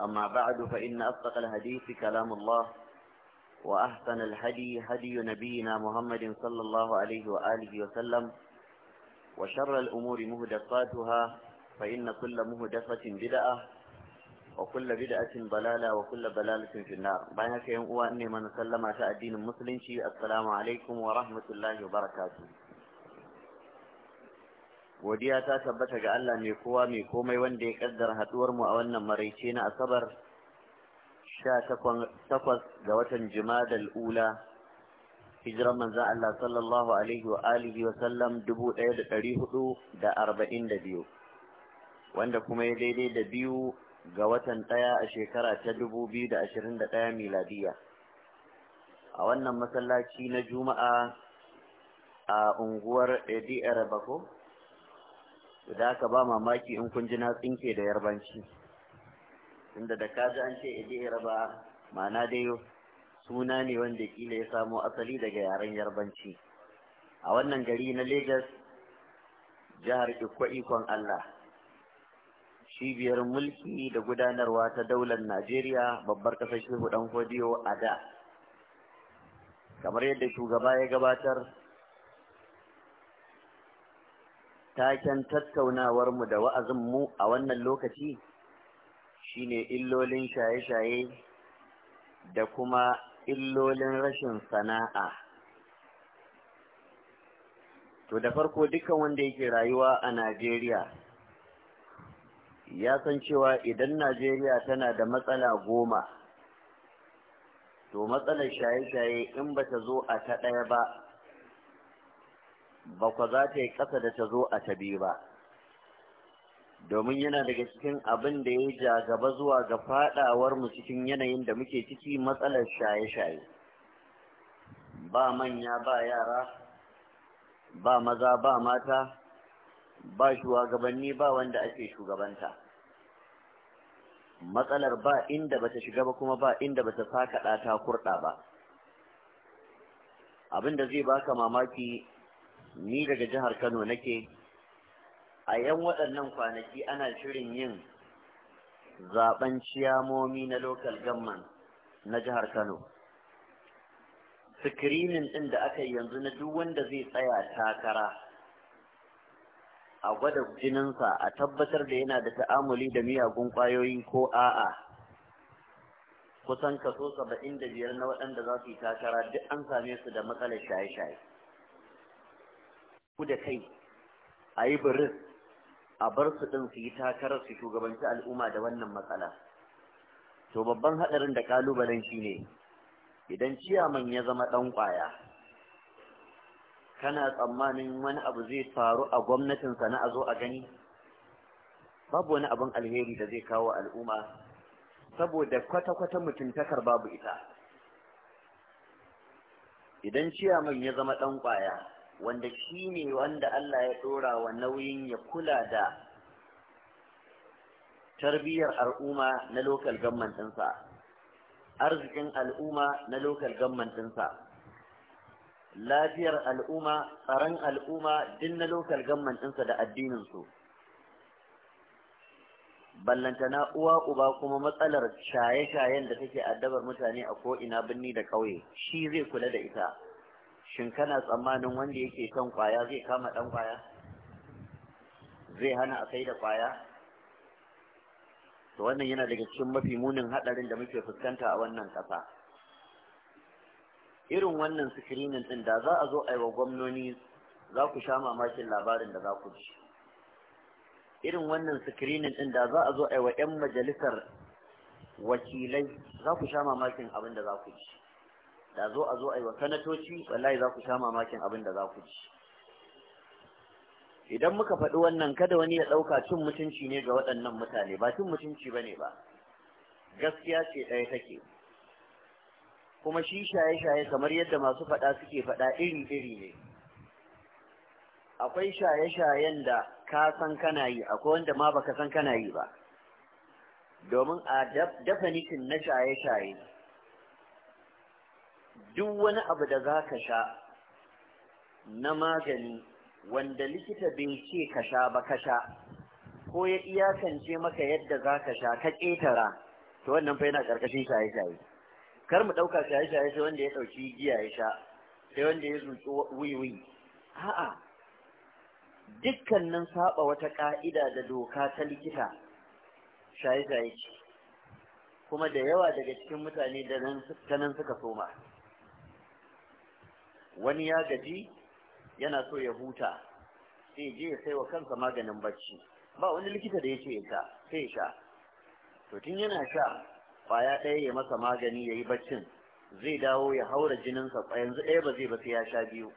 أما بعد فإن أصدق الحديث كلام الله وأحسن الهدي هدي نبينا محمد صلى الله عليه وآله وسلم وشر الأمور مهدساتها فإن كل مهدسة بدعة وكل بدعة ضلالة وكل بلالة في النار بينك يوم أني من سلم على الدين المسلم السلام عليكم ورحمة الله وبركاته godiya ta tabbata ga Allah mai kowa mai komai wanda ya kaddara haduwar mu a wannan maraice na asabar 18 ga watan Jumadal Ula hijiran manzon Allah sallallahu alaihi wa alihi wa sallam 1442 wanda kuma ya daidai da biyu ga watan daya a shekara ta 2021 miladiya a wannan masallaci na juma'a a unguwar Edi Bako to da aka ba mamaki in kun ji na tsinke da yarbanci tunda da kaji an ce idi raba ma'ana dai suna ne wanda kila ya samo asali daga yaren yarbanci a wannan gari na Legas jihar Ikko ikon Allah cibiyar mulki da gudanarwa ta daular Najeriya babbar kasar Shehu Dan a da kamar yadda shugaba ya gabatar taken tattaunawarmu da wa'azinmu a wannan lokaci shine illolin shaye-shaye da kuma illolin rashin sana'a. To da farko dukkan wanda yake rayuwa a Najeriya ya san cewa idan Najeriya tana da matsala goma, to matsalar shaye-shaye in bata zo a ta ɗaya ba ba ku za ta yi ƙasa da ta zo a ta biyu ba domin yana daga cikin abin da ya ja gaba zuwa ga faɗawar mu cikin yanayin da muke ciki matsalar shaye-shaye ba manya ba yara ba maza ba mata ba shugabanni ba wanda ake shugabanta matsalar ba inda bata shiga ba kuma ba inda bata sakaɗa ta kurɗa ba Abinda zai baka mamaki ni daga jihar Kano nake a yan waɗannan kwanaki ana shirin yin zaben ciyamomi na local gamman na jihar Kano. Sikirinin ɗin da aka yi yanzu na duk wanda zai tsaya takara a gwada jininsa a tabbatar da yana da ta'amuli da miyagun ƙwayoyi ko a'a. Kusan kaso saba'in da biyar na waɗanda za su yi takara duk an same su da matsalar shaye-shaye. ku da kai a yi biris a bar su ɗin su yi takarar su shugabanci al'umma da wannan matsala to babban haɗarin da ƙalubalen shi ne idan ciyaman ya zama ɗan ƙwaya kana tsammanin wani abu zai faru a gwamnatinsa na a zo a gani babu wani abin alheri da zai kawo al'umma saboda kwata-kwata mutuntakar babu ita idan ciyaman ya zama ɗan ƙwaya wanda shi ne wanda Allah ya ɗora wa nauyin ya kula da tarbiyyar al'umma na lokal gammantinsa arzikin al'umma na lokal gammantinsa lafiyar al'umma tsaron al'umma din na lokal gammantinsa da addininsu ballantana uwa uba kuma matsalar shaye-shayen da take addabar mutane a ko'ina birni da ƙauye shi zai kula da ita shin kana tsammanin wanda yake kan kwaya zai kama ɗan kwaya zai hana a kai da kwaya to wannan yana daga cikin mafi munin haɗarin da muke fuskanta a wannan ƙasa irin wannan sikirinin ɗin da za a zo a yi wa gwamnoni za ku sha mamakin labarin da za ku ji irin wannan sikirinin ɗin da za a zo a yi wa 'yan majalisar wakilai za ku sha mamakin abin da za ku ji da zo a zo a yi wa sanatoci wallahi za ku sha mamakin abin da za ku ci idan muka faɗi wannan kada wani ya ɗauka cin mutunci ne ga waɗannan mutane ba cin mutunci ba ne ba gaskiya ce ɗaya take kuma shi shaye-shaye kamar yadda masu faɗa suke faɗa iri-iri ne akwai shaye-shayen da ka san kana yi akwai wanda ma baka san kana yi ba domin a definition na shaye-shaye duk wani abu da za ka sha na magani wanda likita bai ce ka sha ba ka sha ko ya iyakance maka yadda za ka sha ka ƙetara to wannan fa yana ƙarƙashin shaye-shaye kar mu ɗauka shaye-shaye sai wanda ya ɗauki giya ya sha sai wanda ya zuci wiwi a'a dukkanin saba wata ƙa'ida da doka ta likita shaye-shaye ce kuma da yawa daga cikin mutane da nan suka soma wani ya gaji yana so ya huta sai je ya sai wa kansa maganin bacci ba wani likita da ya ce ya sai ya sha to tun yana sha kwaya ɗaya ya masa magani ya yi baccin zai dawo ya haura jininsa yanzu ɗaya ba zai ba sai ya sha biyu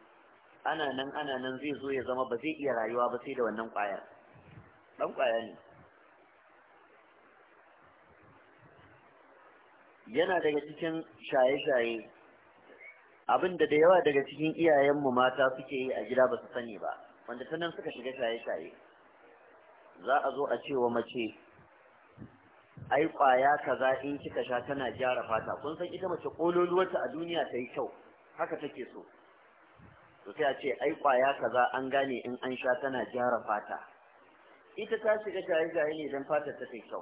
ana nan ana nan zai zo ya zama ba zai iya rayuwa ba sai da wannan kwayar ɗan kwaya ne yana daga cikin shaye-shaye abin da da yawa daga cikin iyayenmu mata suke yi a gida ba su sani ba wanda ta nan suka shiga shaye-shaye za a zo a ce wa mace ai kwaya kaza in kika sha tana gyara fata kun san ita mace kololuwarta a duniya ta yi kyau haka take so to sai a ce ai kwaya kaza an gane in an sha tana gyara fata ita ta shiga shaye-shaye ne don fatar ta kai kyau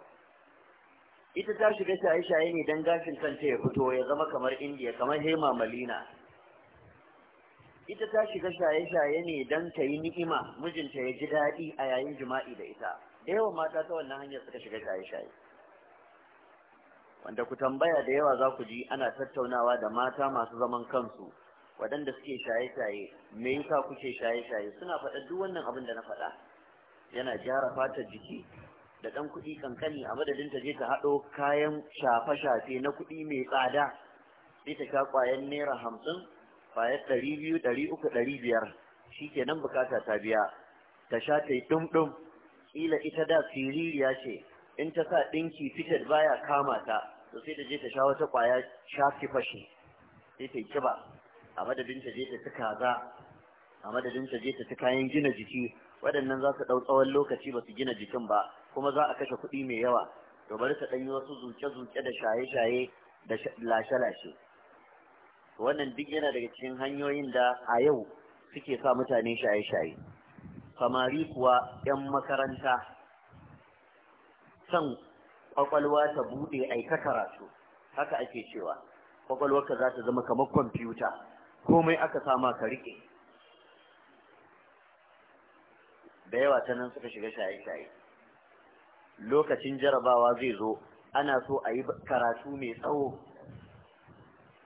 ita ta shiga shaye-shaye ne don gashin kanta ya fito ya zama kamar indiya kamar hema malina ita ta shiga shaye-shaye ne don ta yi ni'ima mijinta ya ji daɗi a yayin jima'i da ita da yawan mata ta wannan hanyar suka shiga shaye-shaye wanda ku tambaya da yawa za ku ji ana tattaunawa da mata masu zaman kansu waɗanda suke shaye-shaye me yasa kuke shaye-shaye suna faɗa duk wannan abin da na faɗa yana gyara fatar jiki da ɗan kuɗi kankani a madadin ta je ta haɗo kayan shafe-shafe na kuɗi mai tsada sai ta sha ƙwayan naira hamsin ƙwayar ɗari biyu ɗari uku ɗari biyar shi ke nan bukata ta biya ta sha ta yi ɗumɗum ƙila ita da siririya ce in ta sa ɗinki fitar baya kama ta to sai ta je ta sha wata ƙwaya shafi fashi sai ta yi kiba a madadin ta je ta ci kaza a madadin ta je ta ci kayan gina jiki waɗannan za su ɗau tsawon lokaci ba su gina jikin ba kuma za a kashe kuɗi mai yawa to bari ta ɗanyi wasu zuke-zuke da shaye-shaye da lashe-lashe wannan duk yana daga cikin hanyoyin da a yau suke sa mutane shaye-shaye samari kuwa 'yan makaranta San kwakwalwa ta buɗe aika karatu haka ake cewa kwakwalwarka za ta zama kamar kwamfuta komai aka sama ka riƙe da yawa ta nan suka shiga shaye-shaye lokacin jarabawa zai zo ana so a yi karatu mai tsawo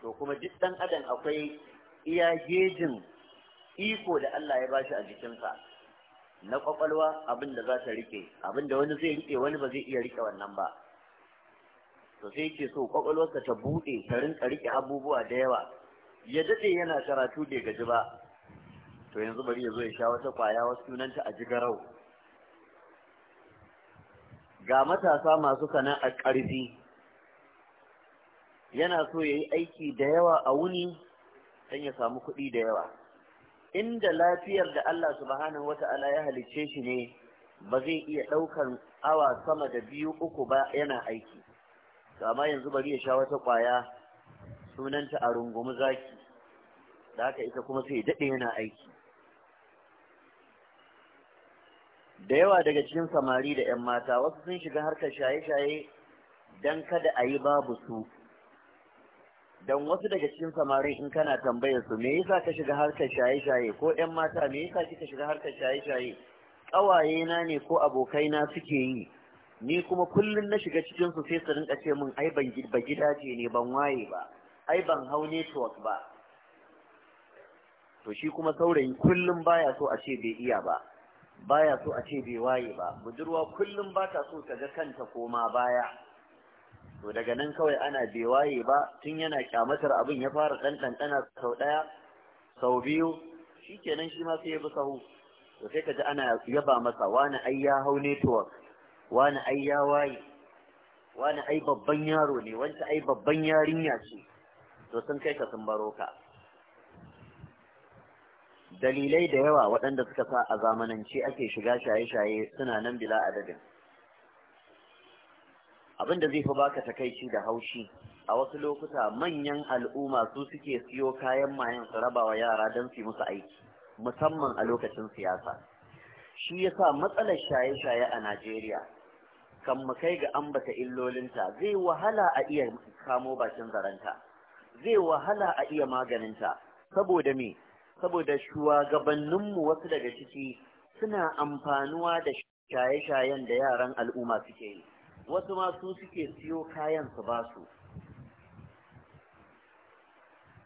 to kuma duk ɗan adam akwai iya gejin iko da Allah ya bashi a jikinsa na kwakwalwa abin da za ta rike abin wani zai rike wani ba zai iya rike wannan ba to sai yake so kwakwalwarsa ta buɗe ta rinka rike abubuwa da yawa ya daɗe yana karatu bai gaji ba to yanzu bari ya zo ya sha wata kwaya wasu sunanta a jigarau ga matasa masu sana'ar ƙarfi yana so ya yi aiki da yawa a wuni don ya samu kuɗi da yawa inda lafiyar da Allah subhanahu wata'ala ya halicce shi ne ba zai iya ɗaukan awa sama da biyu uku ba yana aiki amma yanzu bari ya sha wata ƙwaya sunanta a rungumi zaki da haka ita kuma sai daɗe yana aiki da yawa daga cikin samari da 'yan mata wasu sun shiga harkar shaye-shaye don kada a yi babu su don wasu daga cikin samari in kana tambayar su me yasa ka shiga harkar shaye-shaye ko 'yan mata me yasa kika shiga harkar shaye-shaye ƙawaye na ne ko abokai na suke yi ni kuma kullum na shiga cikin su sai su rinka ce min ai ban ba gidaje ne ban waye ba ai ban hau network ba to shi kuma saurayi kullum baya so a ce bai iya ba baya so a ce bai waye ba budurwa kullum ba ta so ta ga kanta koma baya to daga nan kawai ana bai waye ba tun yana kyamatar abin ya fara ɗan ɗanɗana sau ɗaya sau biyu shi kenan shi ma sai ya bi sahu to sai ka ji ana yaba masa wani ai ya hau network wani ai ya waye wani ai babban yaro ne wanda ai babban yarinya ce to sun kai ka sun baro ka dalilai da yawa waɗanda suka sa a zamanance ake shiga shaye-shaye suna nan bila adadin abin da zai fi baka takaici da haushi a wasu lokuta manyan al'umma su suke siyo kayan mayan su raba wa yara don su musu aiki musamman a lokacin siyasa shi yasa matsalar shaye-shaye a najeriya kan mu kai ga ambata illolinta zai wahala a iya kamo bakin zaranta zai wahala a iya maganinta saboda me saboda shugabanninmu wasu daga ciki suna amfanuwa da shaye-shayen da yaran al'umma suke yi wasu ma su suke siyo kayan su ba su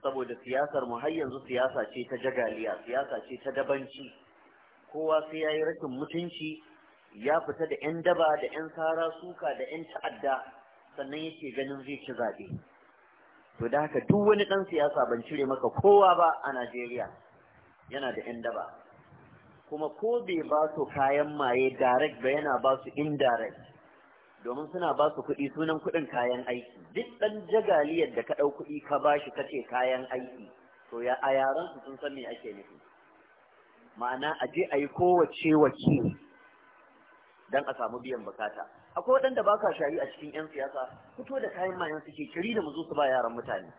saboda siyasar mu har yanzu siyasa ce ta jagaliya siyasa ce ta dabanci kowa sai ya yi rashin mutunci ya fita da 'yan daba da 'yan sara suka da 'yan ta'adda sannan yake ganin zai ci zaɓe to da haka duk wani ɗan siyasa ban cire maka kowa ba a Najeriya yana da 'yan daba kuma ko bai ba su kayan maye direct ba yana ba su indirect domin suna ba su kuɗi sunan kuɗin kayan aiki duk ɗan jagaliyar da ka ɗau kuɗi ka ba shi ka ce kayan aiki to ya a yaran su sun san me ake nufi ma'ana a je a yi kowace wace don a samu biyan bukata akwai waɗanda ba ka shari a cikin 'yan siyasa fito da kayan mayan suke kiri da muzu su ba yaran mutane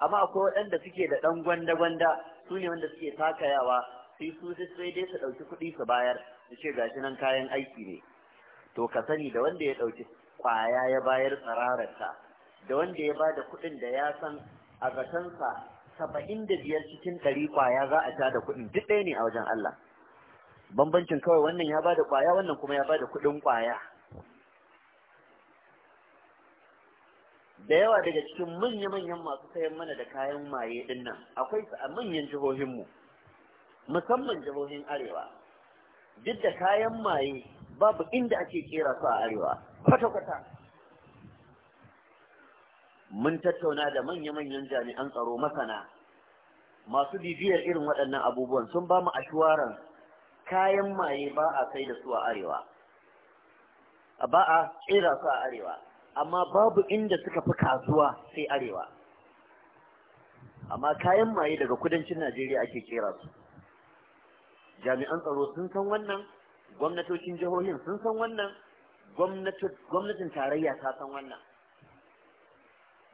amma akwai waɗanda suke da ɗan gwanda-gwanda su ne wanda suke takayawa sai su sai dai su ɗauki kuɗi su bayar su ce gashi nan kayan aiki ne to ka sani da wanda ya ɗauki ƙwaya ya bayar tsarararsa da wanda ya ba da kuɗin da ya san a zatansa saba'in da biyar cikin ɗari ƙwaya za a ta da kuɗin duk ɗaya ne a wajen Allah bambancin kawai wannan ya ba da ƙwaya wannan kuma ya ba da kuɗin ƙwaya da yawa daga cikin manya-manyan masu sayan mana da kayan maye din nan akwai su a manyan jihohinmu musamman jihohin arewa duk da kayan maye babu inda ake kera su a arewa kwata-kwata mun tattauna da manya-manyan jami'an tsaro masana masu bibiyar irin waɗannan abubuwan sun ba mu ashuwaran kayan maye ba a kai da su a arewa ba a kera su a arewa amma babu inda suka fi kasuwa sai arewa amma kayan maye daga kudancin Najeriya ake kera su jami'an tsaro sun san wannan gwamnatocin jihohin sun san wannan gwamnatin tarayya ta san wannan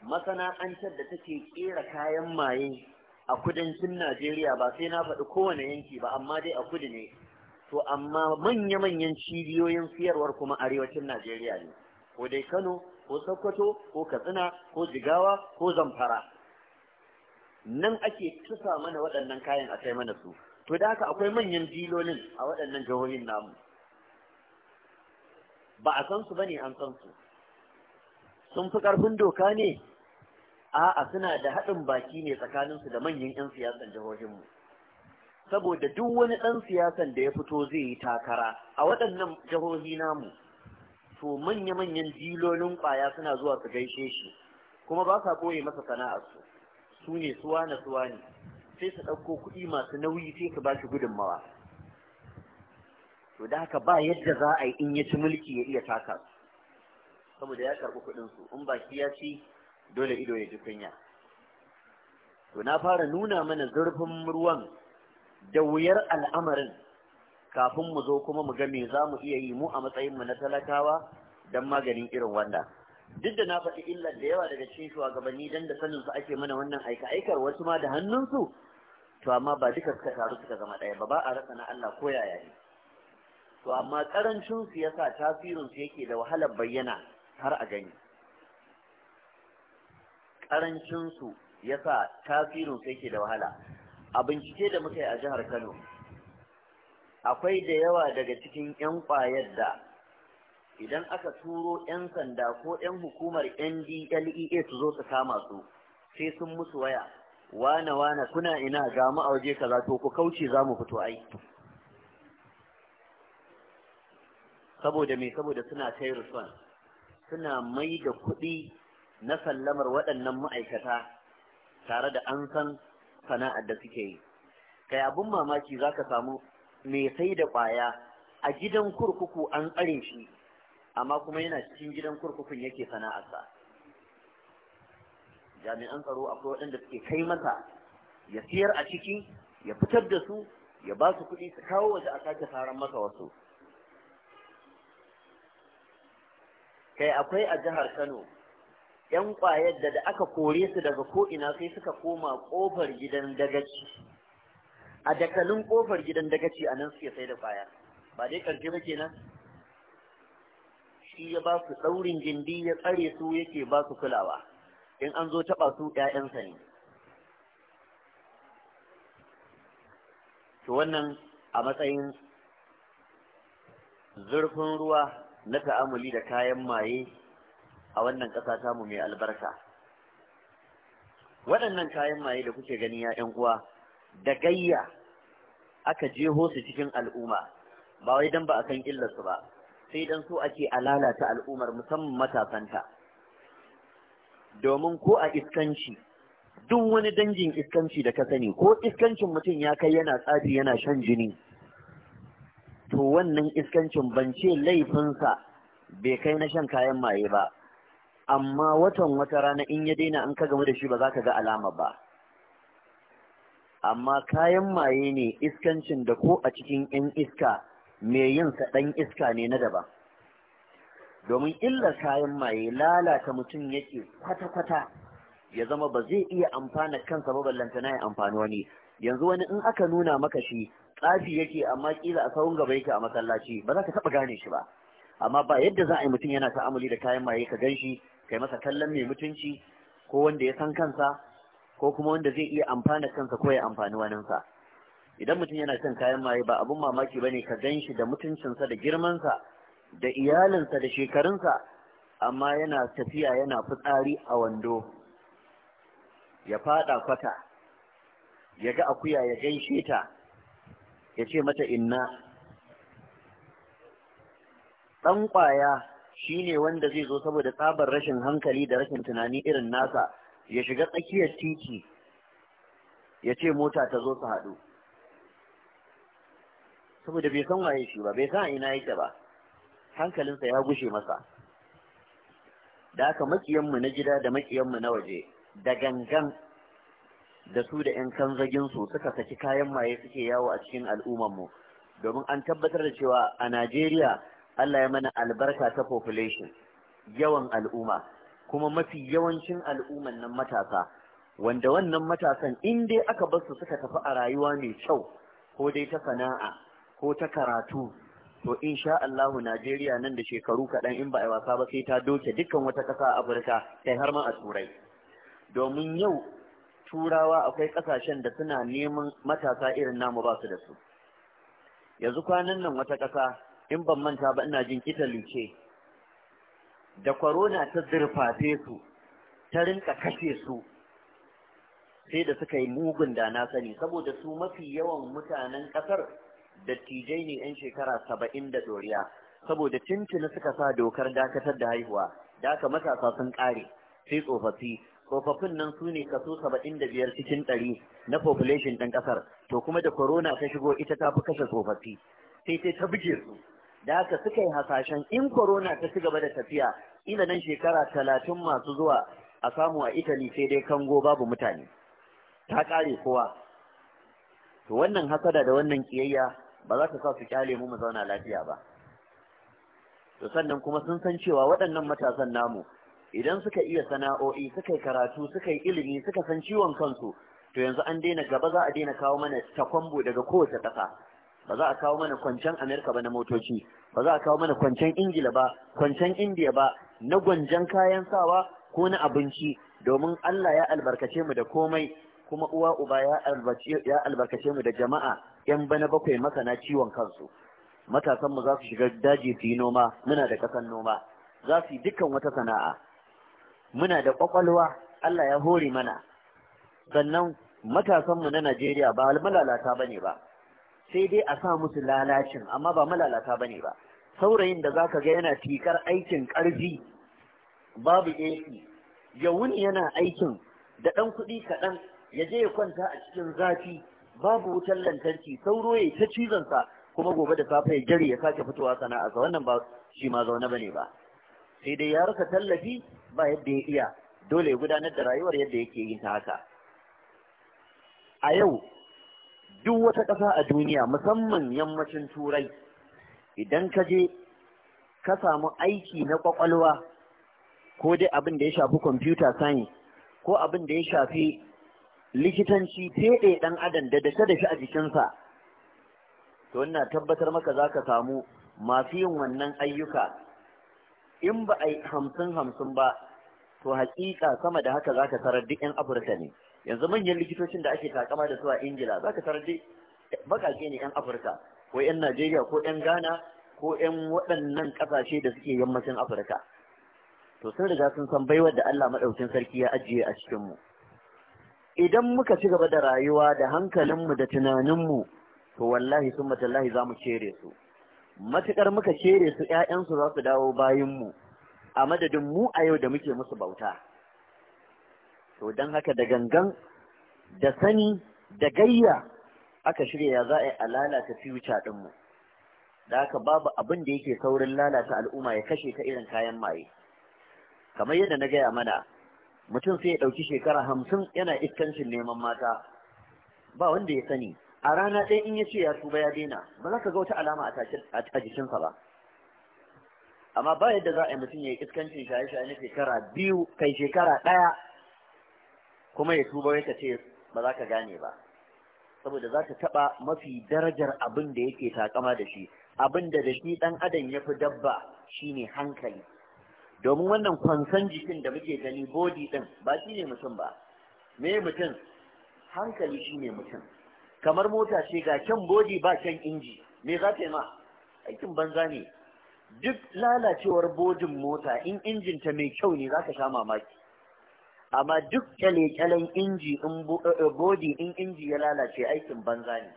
masana'antar da take kera kayan maye a kudancin Najeriya ba sai na faɗi kowane yanki ba amma dai a kudu ne to amma manya-manyan cibiyoyin siyarwar kuma arewacin Najeriya ne ko dai Kano ko Sokoto ko Katsina ko Jigawa ko Zamfara nan ake tusa mana waɗannan kayan a kai mana su to da haka akwai manyan dilolin a waɗannan jihohin namu ba a san su bane an san su sun fi ƙarfin doka ne a'a suna da haɗin baki ne tsakaninsu da manyan 'yan siyasan mu saboda duk wani ɗan siyasan da ya fito zai yi takara a waɗannan jihohi namu to manya-manyan jilolin kwaya suna zuwa su gaishe shi kuma ba sa ɓoye masa sana'arsu su ne suwa na suwa ne sai su ɗauko kuɗi masu nauyi sai su ba shi gudunmawa to da haka ba yadda za a yi in ya ci mulki ya iya taka su saboda ya karɓi kuɗinsu in baki ya ci dole ido ya ji kunya to na fara nuna mana zurfin ruwan da wuyar al'amarin kafin mu zo kuma mu ga me za mu iya yi mu a matsayin mu na talakawa don maganin irin wannan duk da na faɗi illar da yawa daga cikin shugabanni dan da sanin su ake mana wannan aika aikar wasu ma da hannunsu to amma ba duka suka taru suka zama ɗaya ba ba a rasa na Allah ko yaya ne to amma karancin su yasa tasirin su yake da wahalar bayyana har a gani karancin su yasa tasirin su yake da wahala a bincike da muka yi a jihar Kano akwai da yawa daga cikin 'yan ƙwayar da idan aka turo 'yan sanda ko 'yan hukumar ndlea su zo su kama su sai sun musu waya wana-wana kuna ina ga mu a waje kaza to ku kauce za mu fito ai saboda me saboda suna kai rufan suna mai da kuɗi na sallamar waɗannan ma'aikata tare da an san sana'ar da suke yi kai abun mamaki za ka samu mai sai da ƙwaya a gidan kurkuku an tsare shi amma kuma yana cikin gidan kurkukun yake sana'arsa jami'an tsaro akwai waɗanda suke kai masa ya siyar a ciki ya fitar da su ya ba su kuɗi su kawo waje a sake saran masa wasu kai akwai a jihar kano yan ƙwayar da aka kore su daga ko'ina sai suka koma ƙofar gidan dagaci a dakalin kofar gidan dagaci a nan suke sai da kwaya ba dai karshe ba ke nan. shi ya ba su ɗaurin gindi ya tsare su yake ba su kulawa in an zo taɓa su ‘ya'yansa ne to wannan a matsayin zurfin ruwa na ta'amuli da kayan maye a wannan ƙasa tamu mai albarka waɗannan kayan maye da kuke gani ya uwa da gayya aka jeho su cikin al'umma ba wai dan ba a san illarsu ba sai dan so ake a lalata al'ummar musamman matasanta domin ko a iskanci duk wani dangin iskanci da ka sani ko iskancin mutum ya kai yana tsafi yana shan jini to wannan iskancin ban laifinsa bai kai na shan kayan maye ba amma watan wata rana in ya daina an ka gamu da shi ba za ka ga alama ba amma kayan maye ne iskancin da ko a cikin 'yan iska mai yin sa iska ne na daban domin illar kayan maye lalata mutum yake kwata-kwata ya zama ba zai iya amfana kansa ba ballanta ya amfani wani yanzu wani in aka nuna maka shi tsafi yake amma kila a sawun gaba yake a masallaci ba za ka taɓa gane shi ba amma ba yadda za a yi mutum yana ta'amuli da kayan maye ka gan shi kai masa kallon mai mutunci ko wanda ya san kansa ko kuma wanda zai iya amfana kansa ko ya amfani waninsa idan mutum yana kan kayan maye ba abun mamaki ba ne ka gan shi da mutuncinsa da girmansa da iyalinsa da shekarunsa amma yana tafiya yana fitsari a wando ya fada kwata ya ga akuya ya gaishe ta ya ce mata inna ɗan ƙwaya shi ne wanda zai zo saboda tsabar rashin hankali da rashin tunani irin nasa ya shiga tsakiyar titi ya ce mota ta zo su haɗu saboda bai san waye shi ba bai san ina yake ba hankalinsa ya gushe masa da aka makiyanmu na gida da makiyanmu na waje da gangan da su da 'yan kanzaginsu suka saki kayan maye suke yawo a cikin al'ummarmu domin an tabbatar da cewa a najeriya allah ya mana albarka ta population yawan al'umma kuma mafi yawancin al'umman nan matasa wanda wannan matasan in dai aka bar su suka tafi a rayuwa mai kyau ko dai ta sana'a ko ta karatu to insha Allahu Najeriya nan da shekaru kaɗan in ba a wasa ba sai ta doke dukkan wata ƙasa a Afirka sai har ma a Turai domin yau turawa akwai ƙasashen da suna neman matasa irin namu ba su da su yanzu kwanan nan wata ƙasa in ban manta ba ina jin kitali ce da korona ta zurfafe su ta rinka kashe su sai da suka yi mugun da na sani saboda su mafi yawan mutanen kasar dattijai ne 'yan shekara saba'in da doriya saboda cincin suka sa dokar dakatar da haihuwa da aka matasa sun ƙare sai tsofaffi tsofaffin nan su ne kaso saba'in da biyar cikin ɗari na population ɗin ƙasar to kuma da korona ta shigo ita ta fi kashe tsofaffi sai sai ta buge su da haka suka yi hasashen in corona ta ci gaba da tafiya ina nan shekara talatin masu zuwa a samu a italy sai dai kango babu mutane ta kare kowa to wannan hasada da wannan kiyayya ba za ta sa su kyale mu mu zauna lafiya ba to sannan kuma sun san cewa waɗannan matasan namu idan suka iya sana'o'i suka yi karatu suka yi ilimi suka san ciwon kansu to yanzu an daina gaba za a daina kawo mana takwambo daga kowace ƙasa ba za a kawo mana kwancen Amerika ba na motoci ba za a kawo mana kwancen Ingila ba kwancen Indiya ba na gwanjan kayan sawa ko na abinci domin Allah ya albarkace mu da komai kuma uwa uba ya albarkace mu da jama'a yan bana bakwai masana ciwon kansu matasan mu za su shiga daji su yi noma muna da kasan noma za su yi dukkan wata sana'a muna da kwakwalwa Allah ya hori mana sannan matasanmu na Najeriya ba malalata ne ba sai dai a sa musu lalacin amma ba malalata bane ba saurayin da zaka ga yana tikar aikin ƙarfi babu AC ya wuni yana aikin da ɗan kuɗi kaɗan ya je ya kwanta a cikin zafi babu wutar lantarki sauro ya ta cizon sa kuma gobe da safe ya jari ya sake fitowa ka wannan ba shi ma zaune bane ba sai dai ya rasa tallafi ba yadda ya iya dole ya gudanar da rayuwar yadda yake yin ta haka a yau duk wata ƙasa a duniya musamman yammacin turai idan ka je ka samu aiki na ƙwaƙwalwa ko dai abin da ya shafi kwamfuta sani ko abin da ya shafi likitanci teɗe ɗan adam da da shi a jikinsa to ina tabbatar maka za ka samu masu yin wannan ayyuka in ba a yi hamsin hamsin ba to haƙiƙa sama da haka za ka tarar duk 'yan afirka ne yanzu manyan likitocin da ake takama da su a ingila za ka tarar bakake ne yan afirka ko yan najeriya ko yan ghana ko yan waɗannan ƙasashe da suke yammacin afirka to sun riga sun san baiwar da allah maɗaukin sarki ya ajiye a cikinmu idan muka ci gaba da rayuwa da hankalinmu da tunaninmu to wallahi sun matallahi za mu cere su matuƙar muka cere su ‘ya'yansu za su dawo bayanmu a madadin mu a yau da muke musu bauta to don haka da gangan da sani da gayya aka shirya ya za a yi a lalata future ɗinmu da haka babu abin da yake saurin lalata al'umma ya kashe ta irin kayan maye kamar yadda na gaya mana mutum sai ya ɗauki shekara hamsin yana iskancin neman mata ba wanda ya sani a rana ɗaya in ya ce ya tuba ya daina ba za ka ga wata alama a jikinsa ba amma ba yadda za a yi mutum ya yi iskancin shaye-shaye na shekara biyu kai shekara ɗaya kuma ya tuba ya ce ba za ka gane ba saboda za ta taɓa mafi darajar abin da yake takama da shi abin da da shi ɗan adam ya fi dabba shine hankali domin wannan kwansan jikin da muke gani bodi din, ba shi ne mutum ba me mutum hankali shi ne mutum kamar mota ce ga kyan bodi ba kyan inji me za ta yi ma aikin banza ne duk lalacewar bodin mota in injinta mai kyau ne za ka sha mamaki amma duk kyale-kyalen inji in eh, eh, bodi in inji ya lalace aikin banza ne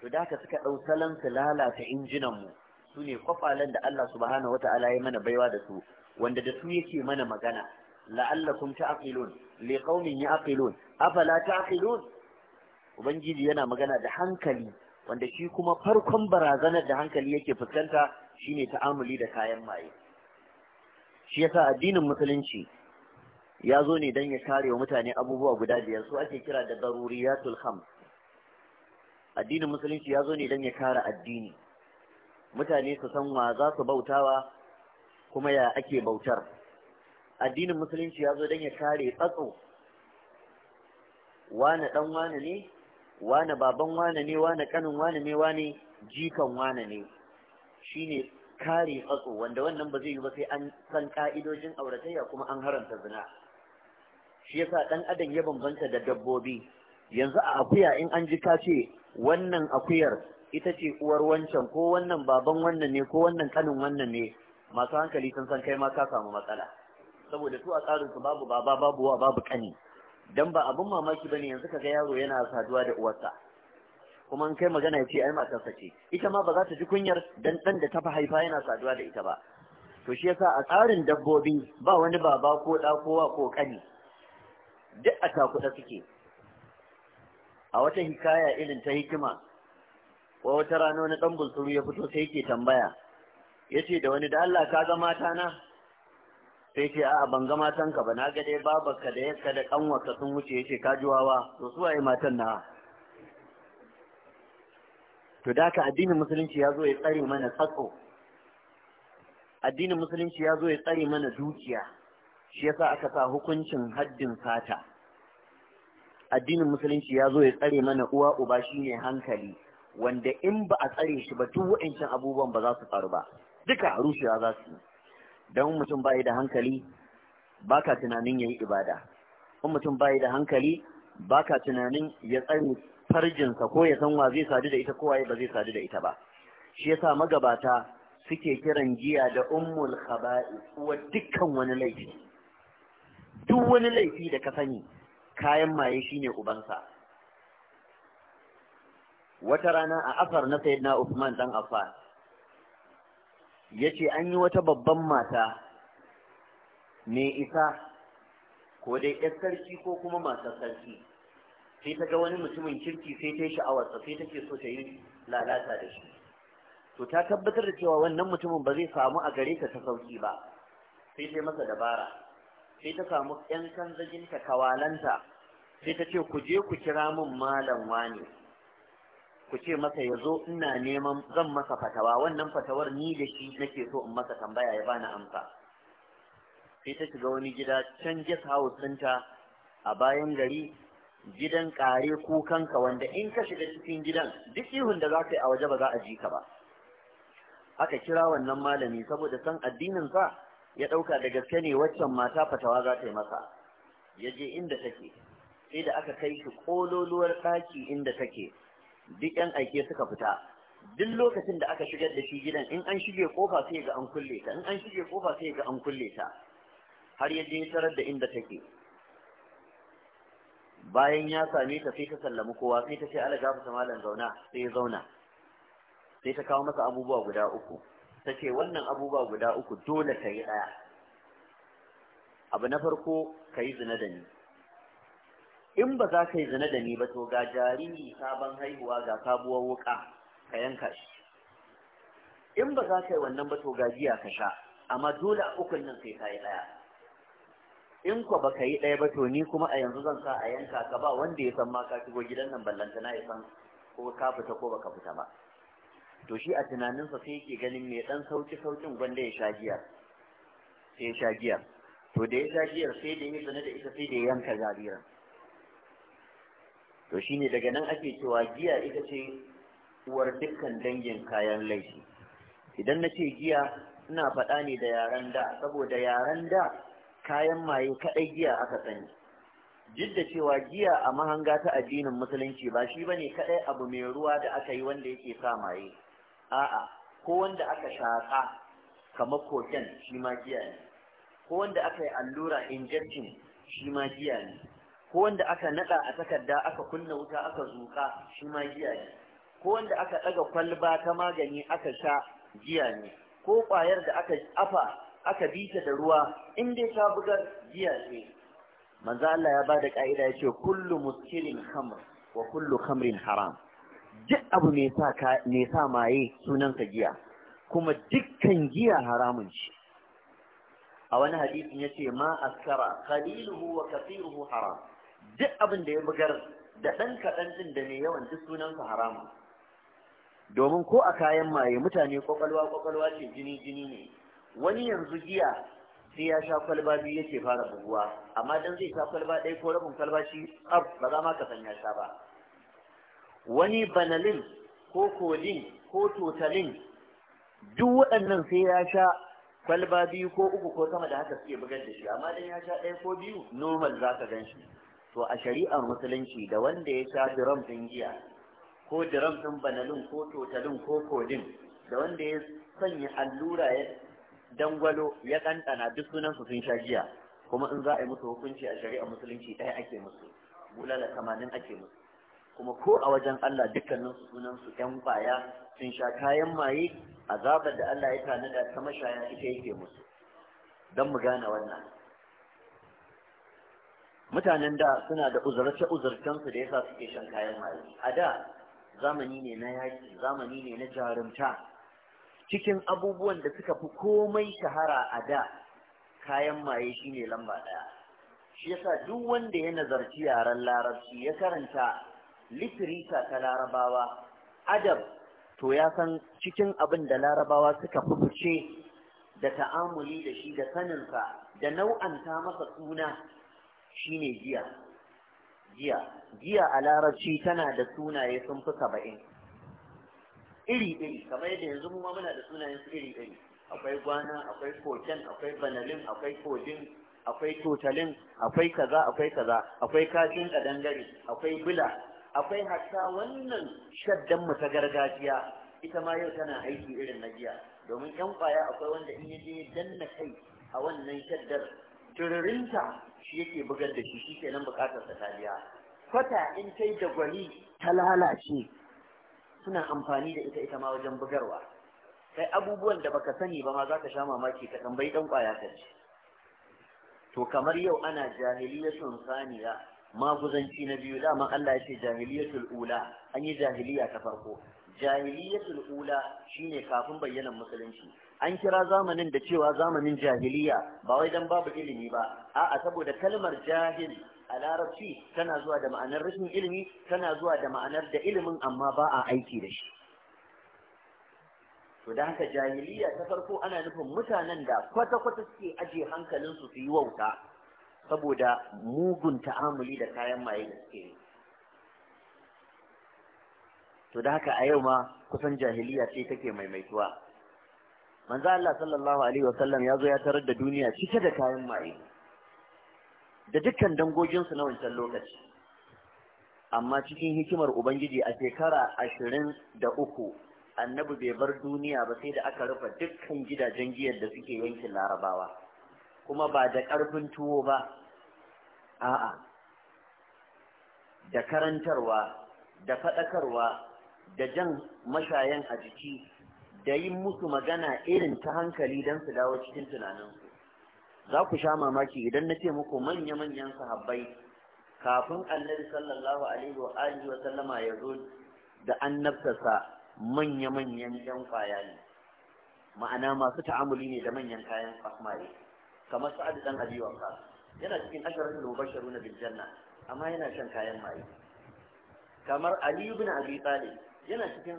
to da ka suka ɗau salon su lalata injinan mu su ne kwafalan da Allah subhanahu wata'ala ya mana baiwa da su wanda da su yake mana magana la'allakum ta'qilun li qaumin ya'qilun afala ta'qilun ubangiji yana magana da hankali wanda shi kuma farkon barazanar da hankali yake fuskanta shine ta'amuli da kayan maye shi yasa addinin musulunci ya zo ne don ya kare wa mutane abubuwa guda biyar su ake kira da daruriyatul tulham. addinin musulunci ya zo ne don ya kare addini mutane su san wa za su bautawa kuma ya ake bautar addinin musulunci ya zo don ya kare tsatso wane dan wane ne wane baban wane ne wane kanin wane ne wane jikan wane ne shine kare tsatso wanda wannan ba zai yi ba sai an san ka'idojin auratayya kuma an haranta zina shi yasa dan adam ya bambanta da dabbobi yanzu a akuya in an ji ka ce wannan akuyar ita ce uwar wancan ko wannan baban wannan ne ko wannan kanin wannan ne masu hankali sun san kai ma ka samu matsala saboda su a tsarin su babu baba babu wa babu kani dan ba abin mamaki bane yanzu kaga yaro yana saduwa da uwarsa kuma in kai magana ya ce ai matarsa ce ita ma ba za ta ji kunyar dan dan da ta fa haifa yana saduwa da ita ba to shi yasa a tsarin dabbobi ba wani baba ko da kowa ko kani duk a takuɗa suke a wata hikaya irin ta hikima ko wata rana wani ɗan bunsuru ya fito sai yake tambaya ya ce da wani da Allah ka ga mata na sai ce a'a ban ga ka ba na ga dai ka da yanka da ƙanwarka sun wuce ya ce ka ji wawa to su waye matan na to da ka addinin musulunci ya zo ya tsare mana tsatso addinin musulunci ya zo ya tsare mana dukiya shi yasa aka sa hukuncin haddin sata addinin musulunci ya zo ya tsare mana uwa uba shine hankali wanda in ba a tsare shi ba duk wa'incin abubuwan ba za su faru ba duka rushewa za su don mutum bai da hankali baka tunanin yayi ibada in mutum bai da hankali baka tunanin ya tsare farjinsa ko ya san wa zai sadu da ita ko waye ba zai sadu da ita ba shi yasa magabata suke kiran jiya da ummul khaba'i wa dukkan wani laifi duk wani laifi da ka sani kayan maye shine ubansa wata rana a asar na sayyidina Usman dan Affan yace an yi wata babban mata ne isa ko dai ƴar sarki ko kuma matar sarki sai ta ga wani mutumin kirki sai ta yi sha'awar sa sai take so ta yi lalata da shi to ta tabbatar da cewa wannan mutumin ba zai samu a gare ta ta sauki ba sai ta yi masa dabara sai ta samu ƴan kanzaginta kawalanta sai ta ce ku je ku kira min malam wani ku ce masa ya zo ina neman zan masa fatawa wannan fatawar ni da shi nake so in masa tambaya ya bani amsa sai ta shiga wani gida can guest house ɗinta a bayan gari gidan kare kukanka wanda in ka shiga cikin gidan duk ihun da za ka yi a waje ba za a ji ka ba aka kira wannan malami saboda san addinin sa ya ɗauka da gaske ne waccan mata fatawa za ta yi masa ya je inda take sai da aka kai shi kololuwar ɗaki inda take duk yan aike suka fita duk lokacin da aka shigar da shi gidan in an shige kofa sai ga an kulle ta in an shige kofa sai ga an kulle ta har ya je tarar da inda take bayan ya same ta sai ta sallami kowa sai ta ce ala gafa malam zauna sai ya zauna sai ta kawo masa abubuwa guda uku ta ce wannan abubuwa guda uku dole ka yi ɗaya abu na farko ka yi zina da ni in ba za ka yi zina da ni ba to ga jariri sabon haihuwa ga sabuwar wuka ka yanka shi in ba za ka yi wannan ba to ga jiya ka sha amma dole a ukun nan sai ka yi ɗaya in ko ba ka yi ɗaya ba to ni kuma a yanzu zan sa a yanka ka ba wanda ya san ma ka shigo gidan nan ballantana ya san ko ka fita ko baka fita ba to shi a tunaninsa sai yake ganin mai dan sauki saukin gwanda ya sha giya sai ya sha giya to da ya sha giyar sai da ya zana da ita sai da ya yanka jarira to shi ne daga nan ake cewa giya ita ce uwar dukkan dangin kayan laifi idan na ce giya ina faɗa ne da yaren da saboda yaren da kayan maye kaɗai giya aka sani duk da cewa giya a mahanga ta addinin musulunci ba shi bane kaɗai abu mai ruwa da aka yi wanda yake sa maye a'a ko wanda aka shaƙa kamar koken shi ma giya ne ko wanda aka yi allura injection shi ma giya ne ko wanda aka naɗa a takarda aka kunna wuta aka zuƙa shi ma giya ne ko wanda aka ɗaga kwalba ta magani aka sha giya ne ko ƙwayar da aka afa aka bi ta da ruwa in dai ta bugar giya ce manzo Allah ya bada ya ce kullu muskirin khamr wa kullu khamrin haram duk abu mai sa maye sunansa giya kuma dukkan giya haramun shi a wani hadisin ya ce ma askara qaliluhu wa kathiruhu haram duk abin da ya bugar da ɗan kaɗan ɗin da mai yawan duk sunansa haramun domin ko a kayan maye mutane kwakwalwa kwakwalwa ce jini jini ne wani yanzu giya sai ya sha kwalba biyu yake fara buguwa amma dan zai sha kwalba ɗaya ko rabin kwalba shi ba za ma ka san ya sha ba wani banalin ko kodin, ko totalin duk waɗannan sai ya sha kwalba biyu ko uku ko sama da haka suke bugar da shi amma dan ya sha ɗaya ko biyu normal za ka gan shi to a shari'ar musulunci da wanda ya sha diram ɗin giya ko diram ɗin banalin ko totalin ko kodin da wanda ya sanya allura ya dangwalo ya ɗanɗana duk sunan su sun sha giya kuma in za a yi musu hukunci a shari'ar musulunci ɗaya ake musu bulala kamanin ake musu kuma ko a wajen Allah dukkanin sunan su ƴan baya sun sha kayan maye azabar da Allah ya tanada ta mashaya ita yake musu don mu gane wannan mutanen da suna da uzurce uzurcen su da yasa suke shan kayan maye a da zamani ne na yaki zamani ne na jarumta cikin abubuwan da suka fi komai shahara a da kayan maye shine lamba ɗaya shi yasa duk wanda ya nazarci yaran larabci ya karanta Litirika ta larabawa adab to ya san cikin abin da larabawa suka fi fice da ta'amuli da shi da saninsa da nau'anta masa suna shine giya giya giya a larabci tana da sunaye sun fi saba'in iri-iri kamar yadda yanzu mu muna da sunayen su iri-iri akwai gwana akwai koken akwai banalin akwai kodin akwai totalin akwai kaza akwai kaza akwai kashin kadangare akwai bula akwai hatta wannan shaddan mu ta gargajiya ita ma yau tana aiki irin na jiya domin yan kwaya akwai wanda in yaje ya danna kai a wannan shaddar tururinta shi yake bugar da shi shi nan bukatar sa kariya kwata in kai da gwani ta lalace suna amfani da ita ita ma wajen bugarwa kai abubuwan da baka sani ba ma za ka sha mamaki ka tambayi dan kwaya ka ce to kamar yau ana jahiliyatun saniya maguzanci na biyu dama Allah ya ce jahiliyatul ula an yi jahiliya ta farko jahiliyatul ula shine kafin bayyanan musulunci an kira zamanin da cewa zamanin jahiliya ba wai dan babu ilimi ba a'a saboda kalmar jahil a larabci tana zuwa da ma'anar rashin ilimi tana zuwa da ma'anar da ilimin amma ba a aiki da shi to da haka jahiliya ta farko ana nufin mutanen da kwata-kwata suke aje hankalinsu su yi wauta saboda mugun ta'amuli da kayan maye da suke yi to da haka a yau ma kusan jahiliya ce take maimaituwa manzo Allah sallallahu alaihi sallam ya zo ya tarar da duniya cike da kayan maye da dukkan dangoginsu na wancan lokaci amma cikin hikimar ubangiji a shekara ashirin da uku annabi bai bar duniya ba sai da aka rufe dukkan gidajen giyar da suke yankin larabawa kuma ba da ƙarfin tuwo ba a'a da karantarwa da faɗakarwa da jan mashayan a jiki da yin musu magana irin ta hankali don su dawo cikin tunaninsu za ku sha mamaki idan na ce muku manya-manyan sahabbai kafin annabi sallallahu alaihi wa alihi wa sallama ya zo da annabtasa manya-manyan yan kwaya ne ma'ana masu ta'amuli ne da manyan kayan kwasmare kamar sa'ad dan abi wanka yana cikin mubashiru na bil janna amma yana shan kayan maye kamar ali ibn abi talib yana cikin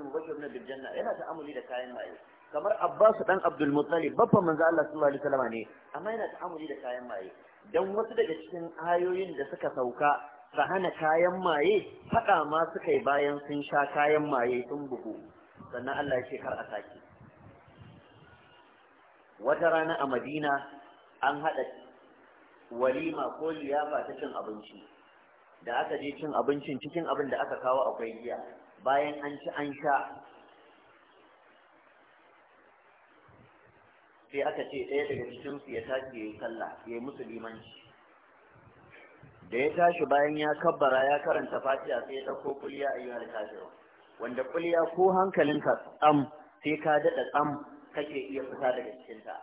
mubashiru na bil janna yana ta'amuli da kayan maye kamar Abbas dan Abdul Muttalib babban manzo Allah sallallahu alaihi wasallam ne amma yana ta'amuli da kayan maye dan wasu daga cikin ayoyin da suka sauka su hana kayan maye faɗa ma suka yi bayan sun sha kayan maye sun bugu sannan Allah ya ce kar a sake wata rana a madina an haɗa walima ko liyafa ta cin abinci da aka je cin abincin cikin abin da aka kawo akwai giya bayan an ci an sha sai aka ce ɗaya daga cikinsu ya tashi ya yi kalla, ya yi musulmanci da ya tashi bayan ya kabbara ya karanta fatiha sai ya ɗauko kuliya a yi wanda kuliya ko hankalinka tsam sai ka daɗa tsam kake iya fita daga cikinta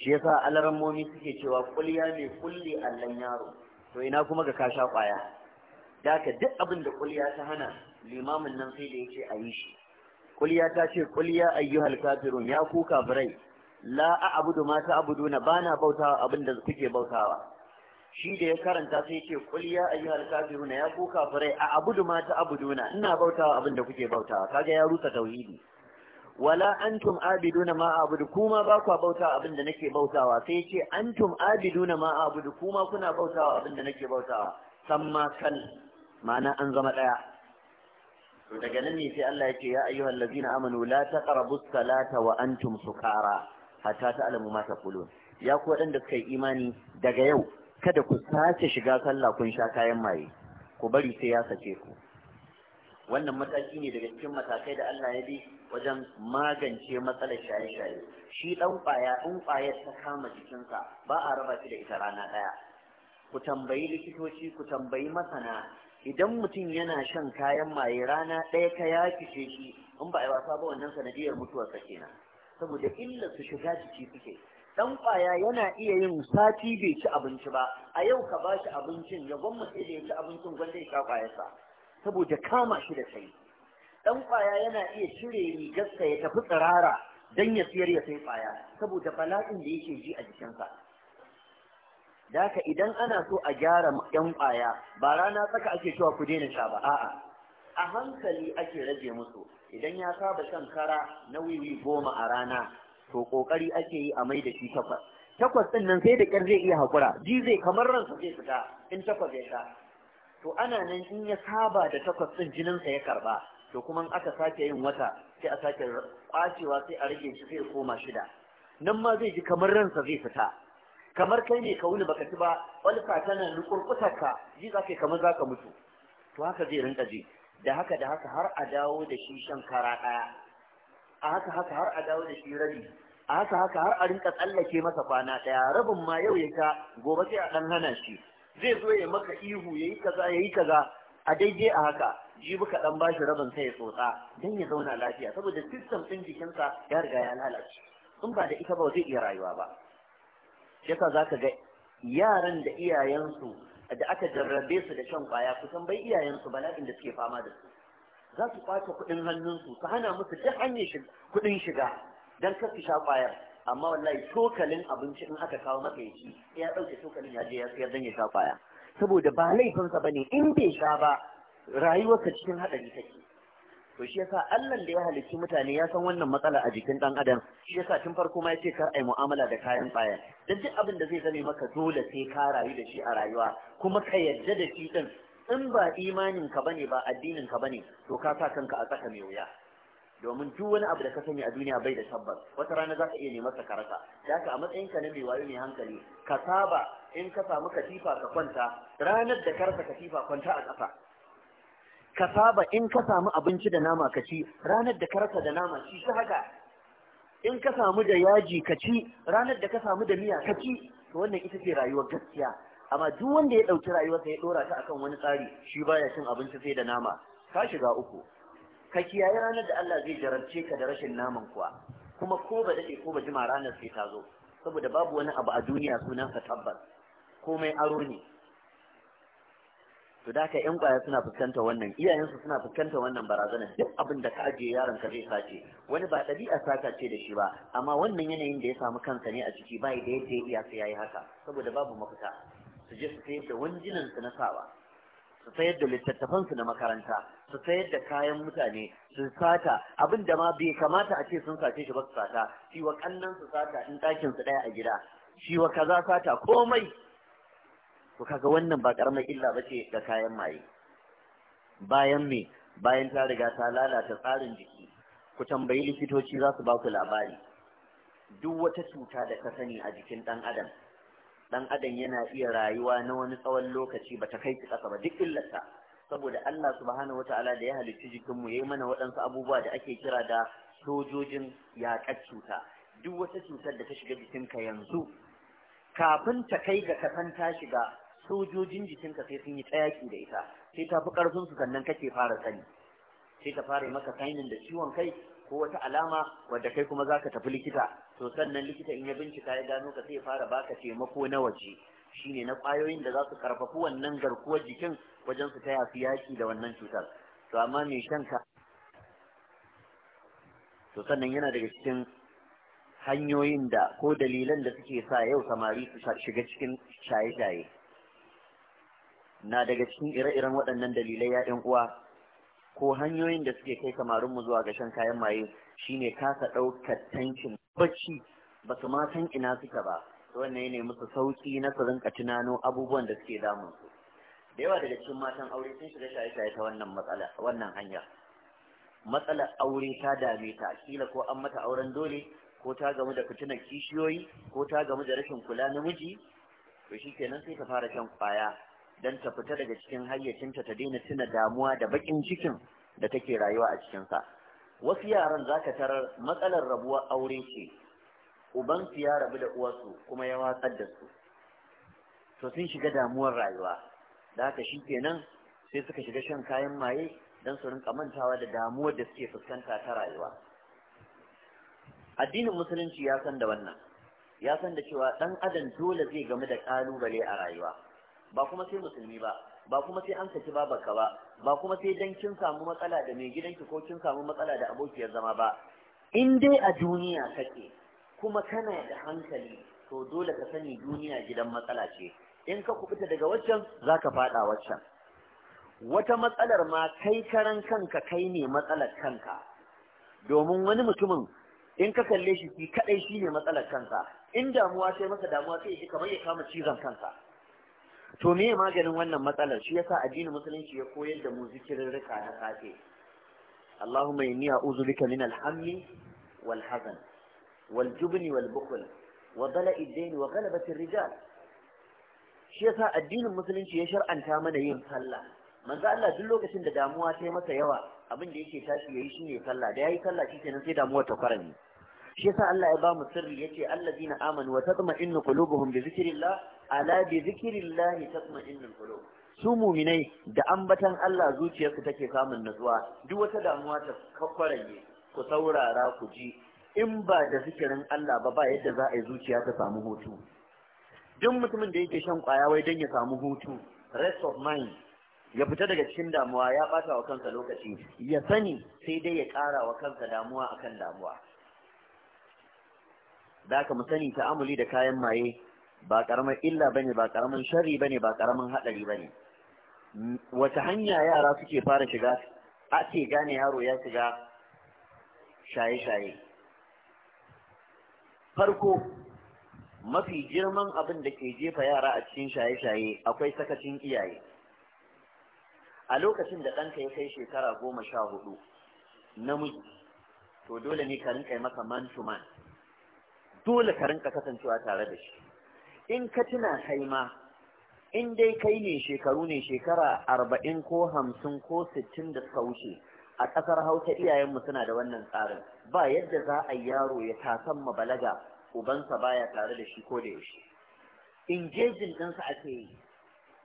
shi yasa alarammomi suke cewa kulliya mai kulli allan yaro to ina kuma ga kasha kwaya da ka duk abin da kulliya ta hana limamin nan sai da yace a yi shi kulliya ta ce kulliya ayyuhal kafirun ya ku kafirai la a'budu ma ta'buduna bana bautawa abin da kuke bautawa shi da ya karanta sai ce kul ya ayyuhal kafiruna ya ku kafirai a abudu ma ta ina bautawa abinda kuke bautawa kaga ya rusa tauhidi wala antum abiduna ma abudu kuma ba ku bauta abin da nake bautawa sai ce antum abiduna ma abudu kuma kuna bautawa abin da nake bautawa samma kan ma'ana an zama daya to daga nan ne sai Allah ya ce ya ayyuhal ladina amanu la taqrabu salata wa antum sukara hatta ta'lamu ma taqulun ya ku wadanda suka yi imani daga yau kada ku sace shiga sallah kun sha kayan maye ku bari sai ya sace ku wannan mataki ne daga cikin matakai da Allah ya bi wajen magance matsalar shaye-shaye shi ɗan ƙwaya in ƙwayar ta kama jikinsa ba a raba shi da ita rana ɗaya ku tambayi likitoci ku tambayi masana idan mutum yana shan kayan maye rana ɗaya ka ya fice shi in ba a yi wasa ba wannan sanadiyar kake kenan saboda illa su shiga jiki suke dan ƙwaya yana iya yin sati bai ci abinci ba a yau ka ba shi abincin ya gwamnati bai ya ci abincin gwanda ya sha kwayarsa saboda kama shi da sai dan kwaya yana iya cire rigarsa ya tafi tsirara dan ya siyar ya sai kwaya saboda bala'in da yake ji a jikinsa daka idan ana so a gyara yan kwaya ba rana tsaka ake cewa ku daina sha ba a'a a hankali ake rage musu idan ya saba shan kara na wiwi goma a rana to kokari ake yi a mai da shi takwas takwas din nan sai da kan zai iya haƙura ji zai kamar ransa zai fita in takwas ya sha to ana nan in ya saba da takwas din jininsa ya karba to kuma aka sake yin wata sai a sake kwacewa sai a rage shi sai ya koma shida nan ma zai ji kamar ransa zai fita kamar kai ne ka wuni baka ci ba walfa tana nukurkutar ji za ka kamar za ka mutu to haka zai rinka ji da haka da haka har a dawo da shi shan kara ɗaya a haka haka har a dawo da shi rabi a haka haka har a rinka tsallake masa kwana ɗaya rabin ma yau ya sha gobe sai a ɗan hana shi zai zo ya maka ihu yayi kaza ya yi kaza a daidai a haka Jibi kaɗan dan bashi rabin sai ya tsotsa dan ya zauna lafiya saboda system din jikinsa ya riga ya lalace in ba da ita ba zai iya rayuwa ba yasa zaka ga yaran da iyayensu da aka jarrabe su da shan kwaya kusan bai iyayensu bala'in da suke fama da su za su kwace kuɗin hannunsu su hana musu duk hanyar kuɗin shiga don kar su sha kwaya amma wallahi cokalin abinci in aka kawo maka ya ya ɗauke cokalin ya je ya sayar don ya sha kwaya saboda ba laifinsa ba ne in bai sha ba rayuwarka cikin haɗari take to shi yasa Allah da ya halicci mutane ya san wannan matsala a jikin dan adam shi yasa tun farko ma yace kar ai mu'amala da kayan tsaya dan duk abin da zai zame maka dole sai ka rayu da shi a rayuwa kuma ka yadda da shi din in ba imanin ka bane ba addinin ka bane to ka sa kanka a tsaka mai wuya domin duk wani abu da ka sani a duniya bai da tabbas wata rana za ka iya neman sa karasa da haka a matsayin ka na mai wayo mai hankali ka saba in ka samu katifa ka kwanta ranar da ka rasa katifa kwanta a ƙasa ka saba in ka samu abinci da nama ka ci ranar da ka rasa da nama ci shi haka in ka samu da yaji ka ci ranar da ka samu da miya ka ci to wannan ita ce rayuwar gaskiya amma duk wanda ya ɗauki rayuwarsa ya ɗora ta akan wani tsari shi baya cin abinci sai da nama ka shiga uku ka kiyaye ranar da Allah zai jarabce ka da rashin naman kuwa kuma ko ba daɗe ko ba jima ranar sai ta zo saboda babu wani abu a duniya sunansa tabbas komai aro ne to da ka yan kwaya suna fuskantar wannan iyayensu suna fuskantar wannan barazana duk abin da ka ajiye yaron ka zai sace wani ba ɗabi'a sata ce da shi ba amma wannan yanayin da ya samu kansa ne a ciki bai da yadda ya sai yayi haka saboda babu mafita su je su sayar da wanjinan su na sawa su sayar da littattafan na makaranta su sayar da kayan mutane su sata abin da ma bai kamata a ce sun sace shi ba su sata shi wa kannan su sata in ɗakin su ɗaya a gida shi wa kaza sata komai Ku kaga wannan ba karamar illa ba ce ga kayan maye bayan me bayan ta riga ta lalata tsarin jiki ku tambayi likitoci za su ba ku labari duk wata cuta da ka sani a jikin ɗan adam ɗan adam yana iya rayuwa na wani tsawon lokaci ba ta kai ki ƙasa ba duk illarsa saboda Allah subhanahu wataala da ya halicci jikinmu ya yi mana waɗansu abubuwa da ake kira da sojojin yaƙar cuta duk wata cutar da ta shiga jikinka yanzu kafin ta kai ga kasan ta shiga sojojin jikinka sai sun yi tsayaki da ita sai ta fi su sannan kake fara sani sai ta fara maka sainin da ciwon kai ko wata alama wadda kai kuma za ka tafi likita to sannan likita in ya bincika ya gano ka sai fara baka taimako na waje shine na kwayoyin da za su karfafi wannan garkuwar jikin wajen su taya su yaƙi da wannan cutar to amma mai shan ka to sannan yana daga cikin hanyoyin da ko dalilan da suke sa yau samari su shiga cikin shaye-shaye na daga cikin ire-iren waɗannan dalilai ya uwa ko hanyoyin da suke kai kamarunmu zuwa ga shan kayan maye shine kasa ɗaukar tankin bacci ba su ma ina suka ba wannan ne musu sauki na su rinka tunano abubuwan da suke damun su da yawa daga cikin matan aure sun shiga shaye-shaye ta wannan matsala wannan hanya matsalar aure ta dame ta kila ko an mata auren dole ko ta gamu da fitinar kishiyoyi ko ta gamu da rashin kula namiji to shi kenan sai ta fara shan kwaya don ta fita daga cikin hayyacinta ta daina tuna damuwa da bakin cikin da take rayuwa a cikinsa wasu yaran za ka tarar matsalar rabuwa aure ce ubansu ya rabu da uwarsu kuma ya watsar da su to sun shiga damuwar rayuwa da haka shi kenan sai suka shiga shan kayan maye don su rinka mantawa da damuwar da suke fuskanta ta rayuwa addinin musulunci ya san da wannan ya san da cewa ɗan adam dole zai game da ƙalubale a rayuwa ba kuma sai musulmi ba ba kuma sai an saki babarka ba ba kuma sai dan kin samu matsala da mai gidanki ko kin samu matsala da abokiyar zama ba in dai a duniya kake kuma kana da hankali to dole ka sani duniya gidan matsala ce in ka kubuta daga waccan za ka faɗa waccan wata matsalar ma kai karan kanka kai ne matsalar kanka domin wani mutumin in ka kalle shi shi kadai shi ne matsalar kanka in damuwa sai masa damuwa sai shi kamar ya kama cizon kanka to me maganin wannan matsalar shi yasa addinin musulunci ya koyar da mu zikirin rika na safe Allahumma inni a'udhu bika min al-hammi wal hazan wal jubni wal bukhl wa dala'i ad-dayn wa ghalabati ar-rijal shi yasa addinin musulunci ya shar'anta mana yin sallah manzo Allah duk lokacin da damuwa ta masa yawa abin da yake tashi yayi shine sallah da yayi sallah shi kenan sai damuwar ta kwarani shi yasa Allah ya ba mu sirri yace allazina amanu wa tatma'innu qulubuhum bi zikrillah ala bi zikirillahi tatma'innul qulub su muminai da ambatan Allah zuciyarsu take samun nutsuwa, duk wata damuwa ta kakwaranye ku saurara ku ji in ba da zikirin Allah ba ba yadda za a yi zuciya ta samu hutu duk mutumin da yake shan kwaya wai dan ya samu hutu rest of mind ya fita daga cikin damuwa ya bata wa kansa lokaci ya sani sai dai ya ƙara wa kansa damuwa akan damuwa da ka mu sani amuli da kayan maye ba karamin illa bane ba karamin shari bane ba karamin hadari bane wata hanya yara suke fara shiga a ce gane yaro ya shiga shaye-shaye farko mafi girman abin da ke jefa yara a cikin shaye-shaye akwai sakacin iyaye a lokacin da ɗanka ya kai shekara goma sha hudu namiji to dole ne ka rinka maka man to man dole ka rinka kasancewa tare da shi in ka tuna kai ma in dai kai ne shekaru ne shekara arba'in ko hamsin ko sittin da suka wuce a ƙasar hausa iyayenmu suna da wannan tsarin ba yadda za a yaro ya tasan balaga ubansa baya tare da shi ko da yaushe Injejin ɗinsa ake yi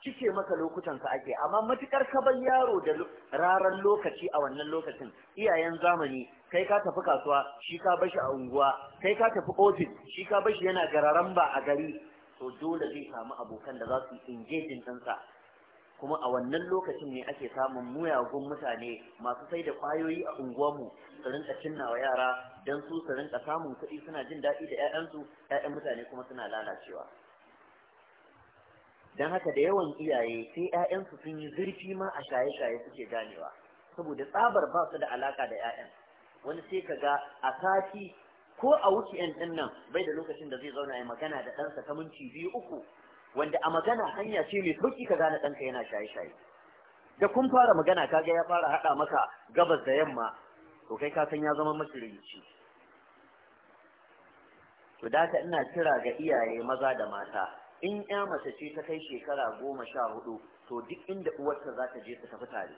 cike maka lokutansa ake amma matukar ka bar yaro da raran lokaci a wannan lokacin iyayen zamani kai ka tafi kasuwa shi ka bashi a unguwa kai ka tafi ofis shi ka bashi yana gararan ba a gari to dole zai samu abokan da za su yi injejin ɗansa kuma a wannan lokacin ne ake samun muyagun mutane masu sai da kwayoyi a unguwarmu su rinka cinna wa yara don su su rinka samun kuɗi suna jin daɗi da 'ya'yansu 'ya'yan mutane kuma suna lalacewa don haka da yawan iyaye sai 'ya'yansu sun yi zurfi ma a shaye-shaye suke ganewa saboda tsabar ba su da alaka da 'ya'yan wani sai ka ga a sati ko a ɗin ɗin nan bai da lokacin da zai zauna ya magana da ɗansa ta minti biyu uku wanda a magana hanya ce mai sauki ka gane ɗanka yana shaye-shaye da kun fara magana kaga ya fara haɗa maka gabas da yamma to kai ka san ya zama masirici to da ka ina kira ga iyaye maza da mata in ya mace ce ta kai shekara goma sha hudu to duk inda uwarta za ta je ta tafi tare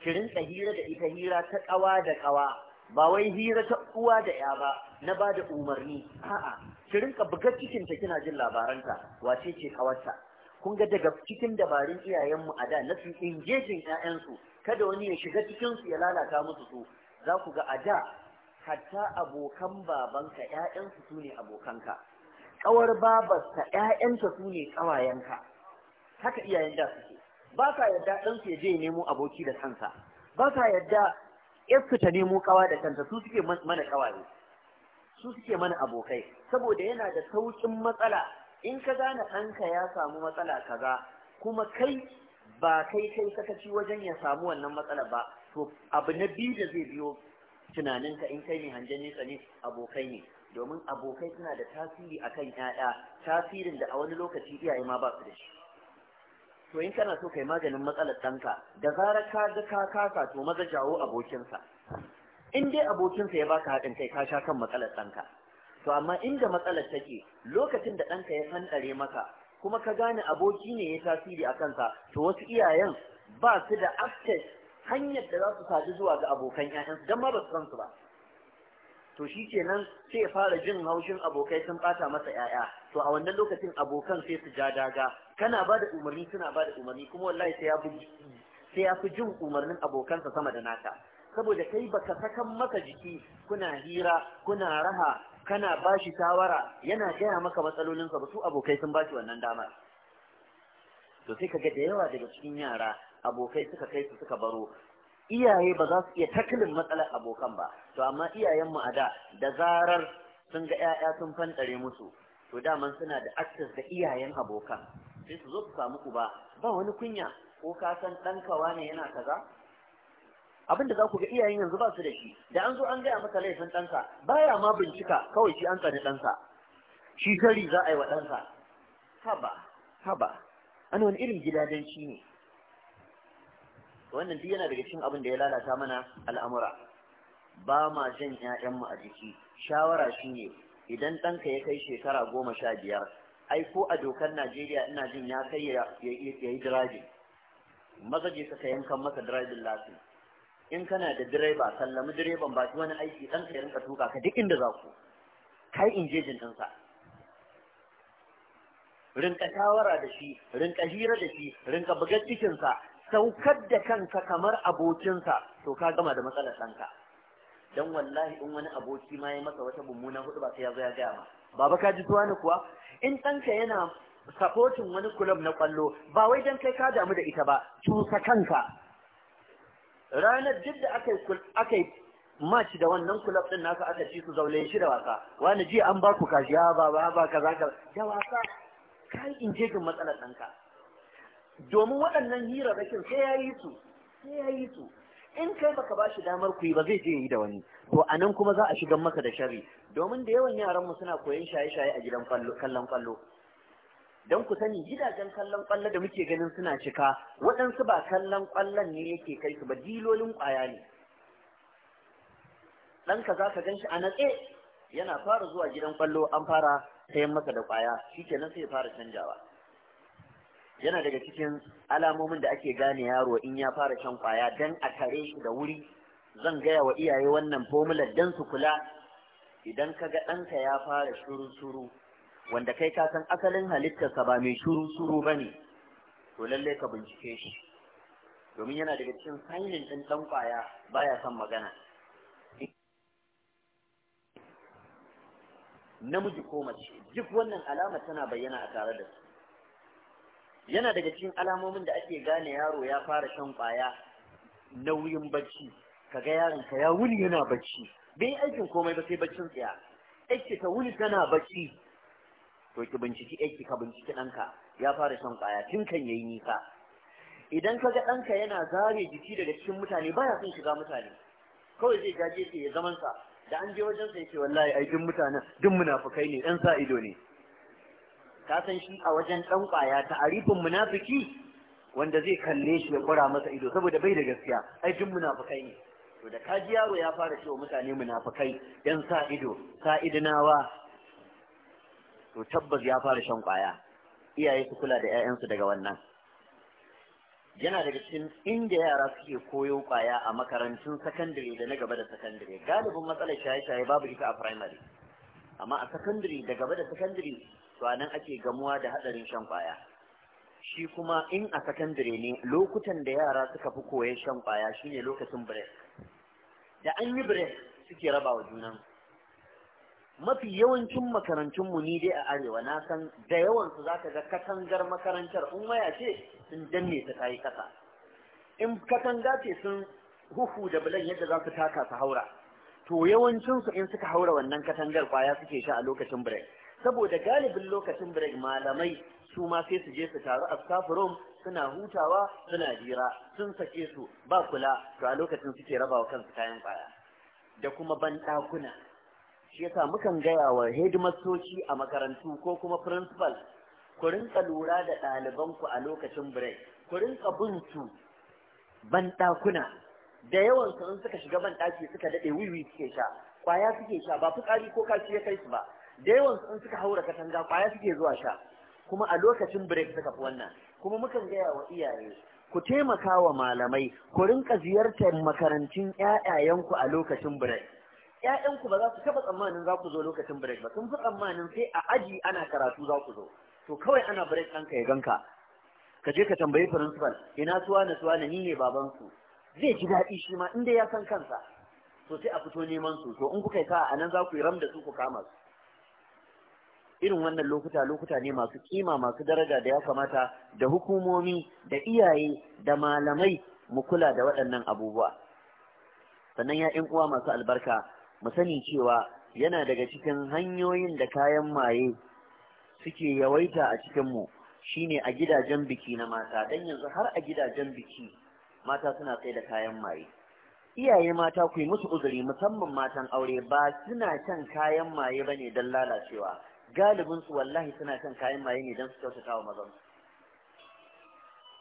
ki rinka hira da ita hira ta ƙawa da ƙawa ba wai hira ta uwa da ya ba na ba da umarni a'a ki rinka buga cikin ta kina jin labaranta wace ce kawarta kun ga daga cikin dabarun iyayenmu a da na su ingejin ƴaƴansu kada wani ya shiga cikinsu ya lalata musu su za ku ga a da hatta abokan babanka ƴaƴansu su ne abokanka kawar babarka ƴaƴanta su ne kawayenka haka iyayen da suke ba ka yarda ɗansu ya je nemo aboki da kansa ba ka yarda yarsu ta nemo kawa da kanta su suke mana kawaye su suke mana abokai saboda yana da saukin matsala in ka gane ɗanka ya samu matsala ka kaza kuma kai ba kai kai sakaci wajen ya samu wannan matsala ba to abu na biyu da zai biyo tunaninka in kai ne hanjani nesa ne abokai ne domin abokai suna da tasiri akan 'ya'ya tasirin da a wani lokaci iyaye ma ba su da shi to in kana so kai maganin matsalar ɗanka da zarar ka ga ka kasa to maza jawo abokinsa in dai abokinsa ya baka haɗin kai ka sha kan matsalar ɗanka to amma inda matsalar take lokacin da ɗanka ya fanɗare maka kuma ka gane aboki ne ya tasiri a kansa to wasu iyayen ba su da access hanyar da za su sadu zuwa ga abokan 'ya'yansu don ma ba su san su ba to shi kenan sai ya fara jin haushin abokai sun ɓata masa 'ya'ya to a wannan lokacin abokan sai su ja daga kana ba da umarni suna ba umarni kuma wallahi sai ya fi sai ya fi jin umarnin abokansa sama da naka saboda kai baka sakan maka jiki kuna hira kuna raha kana bashi shawara yana gaya maka matsalolinsa ba su abokai sun bashi wannan damar to sai kaga da yawa daga cikin yara abokai suka kai su suka baro iyaye ba za su iya taklin matsalar abokan ba to amma iyayenmu a da da zarar sun ga 'ya'ya sun fanɗare musu to daman suna da access da iyayen abokan sai su zo su samu ku ba Ba wani kunya ko ka san kawa ne yana kaza abin da za ku ga iyayen yanzu ba su da shi da an zo an gaya maka laifin ɗansa baya ma bincika kawai shi an tsani ɗansa shi kari za a yi wa ɗansa haba haba an wani irin gidajenci ne wannan duk yana daga cikin abin da ya lalata mana al'amura ba ma jan 'ya'yanmu a jiki shawara shine. idan ɗanka ya kai shekara goma sha biyar ai ko a dokar najeriya ina jin ya kai ya yi dirajin maza je ka masa dirajin lasin in kana da direba sallami direban ba wani aiki ɗanka ya rinka tuka ka duk inda za ku kai injejin ɗinsa rinka shawara da shi rinka hira da shi rinka bugar cikinsa saukar da kanka kamar abokinsa to ka gama da matsalar ɗanka dan wallahi in wani aboki ma ya masa wata mummuna hudu ba sai ya zo ya gaya ba. baba ka ji ni kuwa in ɗanka yana sapotin wani club na kwallo ba wai dan kai ka damu da ita ba cusa kanka ranar duk da aka yi match da wannan kulab din naka aka ci su zaule shi da wasa wani ji an baku kaji ya ba ba ba kaza ka da wasa kai in je matsalar ɗanka domin waɗannan rakin sai ya yi su sai ya yi su in kai baka ba shi damar ku yi ba zai je yi da wani to a nan kuma za a shiga maka da shari. domin da yawan yaran mu suna koyon shaye-shaye a gidan kallon kallo don ku sani gidajen kallon kwallo da muke ganin suna cika waɗansu ba kallon kwallon ne yake kai su ba dilolin ƙwaya ne ɗanka za ka gan shi a natse yana fara zuwa gidan kwallo an fara sayan masa da ƙwaya kenan sai ya fara canjawa yana daga cikin alamomin da ake gane yaro in ya fara shan kwaya dan a tare shi da wuri zan gaya wa iyaye wannan fomular dan su kula idan ka ga ɗanka ya fara shuru-shuru wanda kai ka san asalin halittarsa ba mai shuru-shuru ba ne to lallai ka bincike shi domin yana daga cikin sainin ɗin ɗan kwaya baya son magana namiji ko mace duk wannan alama tana bayyana a tare da su yana daga cikin alamomin da ake gane yaro ya fara shan kwaya nauyin bacci kaga yaron ka ya wuni yana bacci bai aikin komai ba sai baccin tsaya aiki ta wuni tana bacci to ki binciki aiki ka binciki ɗanka ya fara shan kwaya tun kan yayi nisa idan ka ga ɗanka yana zare jiki daga cikin mutane baya son shiga mutane kawai zai gaje ya zaman sa da an je wajen sa ke wallahi ai duk mutanen duk munafukai ne ɗan sa ido ne ka san shi a wajen dan kwaya ta arifin munafiki wanda zai kalle shi ya kura masa ido saboda bai da gaskiya ai duk munafikai ne to da kaji yaro ya fara cewa mutane munafikai yan sa ido sa idinawa to tabbas ya fara shan kwaya iyaye su kula da 'ya'yansu daga wannan yana daga cikin inda yara suke koyo kwaya a makarantun sakandare da na gaba da sakandare galibin matsalar shaye-shaye babu ita a firamare amma a sakandare da gaba da sakandare to anan ake gamuwa da hadarin shan kwaya shi kuma in a secondary ne lokutan da yara suka fi koyan shan kwaya shine lokacin break da an yi break suke raba wa junan mafi yawancin makarantunmu ni dai a arewa na san da yawansu za zaka ga katangar makarantar in waya ce sun danne ta kai kasa in katanga ce sun huhu da bulan yadda za su taka su haura to yawancinsu in suka haura wannan katangar kwaya suke sha a lokacin break saboda galibin lokacin break malamai su ma sai su je su taru a staff room suna hutawa suna jira sun sake su ba kula to a lokacin suke rabawa kansu kayan kwaya da kuma banɗakuna shi yasa mukan gaya wa headmastoci a makarantu ko kuma principal ku rinka lura da ɗalibanku a lokacin break ku rinka bin su banɗakuna da yawan su in suka shiga banɗaki suka daɗe wiwi suke sha kwaya suke sha ba fitsari ko kashi ya kai su ba da yawan in suka haura katanga kwaya suke zuwa sha kuma a lokacin break suka fi wannan kuma mukan gaya wa iyaye ku taimaka wa malamai ku rinka ziyartar makarantun ƴaƴayenku a lokacin break ƴaƴanku ba za su taɓa tsammanin za ku zo lokacin break ba sun fi tsammanin sai a aji ana karatu za ku zo to kawai ana break ɗanka ya ganka ka je ka tambayi principal ina suwa na suwa na ni ne babansu zai ji daɗi shi ma inda ya san kansa to sai a fito neman su to in kuka yi sa'a nan za ku yi ram da su ku kama su irin wannan lokuta lokuta ne masu kima masu daraja da ya kamata da hukumomi da iyaye da malamai mu kula da waɗannan abubuwa sannan ya in uwa masu albarka mu sani cewa yana daga cikin hanyoyin da kayan maye suke yawaita a cikin mu shine a gidajen biki na mata dan yanzu har a gidajen biki mata suna sai da kayan maye iyaye mata ku yi musu uzuri musamman matan aure ba suna shan kayan maye bane don lalacewa galibin su wallahi suna kan kayan maye ne don su kyautata wa mazan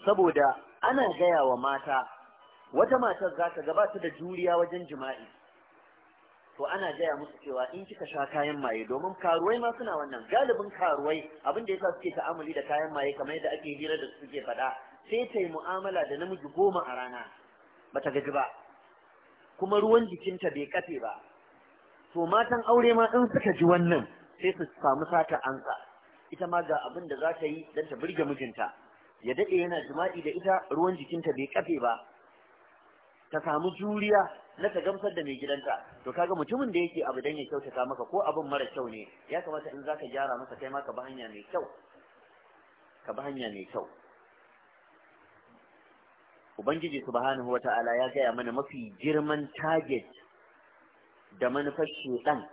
saboda ana gaya wa mata wata matar za ta gabata da juriya wajen jima'i to ana gaya musu cewa in kika sha kayan maye domin karuwai ma suna wannan galibin karuwai abin da yasa suke ta'amuli da kayan maye kamar yadda ake hira da suke faɗa sai ta yi mu'amala da namiji goma a rana bata gaji ba kuma ruwan jikinta bai kafe ba to matan aure ma in suka ji wannan sai su samu sata ansa ita ma ga abin da za ta yi don ta burge mijinta ya daɗe yana jima'i da ita ruwan jikinta bai kafe ba ta samu juriya na ta gamsar da mai gidanta to kaga mutumin da yake abu don ya kyautata maka ko abin mara kyau ne ya kamata in za ka gyara masa kai ma ka bi hanya mai kyau ka bi hanya mai kyau ubangiji subhanahu wata'ala ya gaya mana mafi girman target da manufar shedan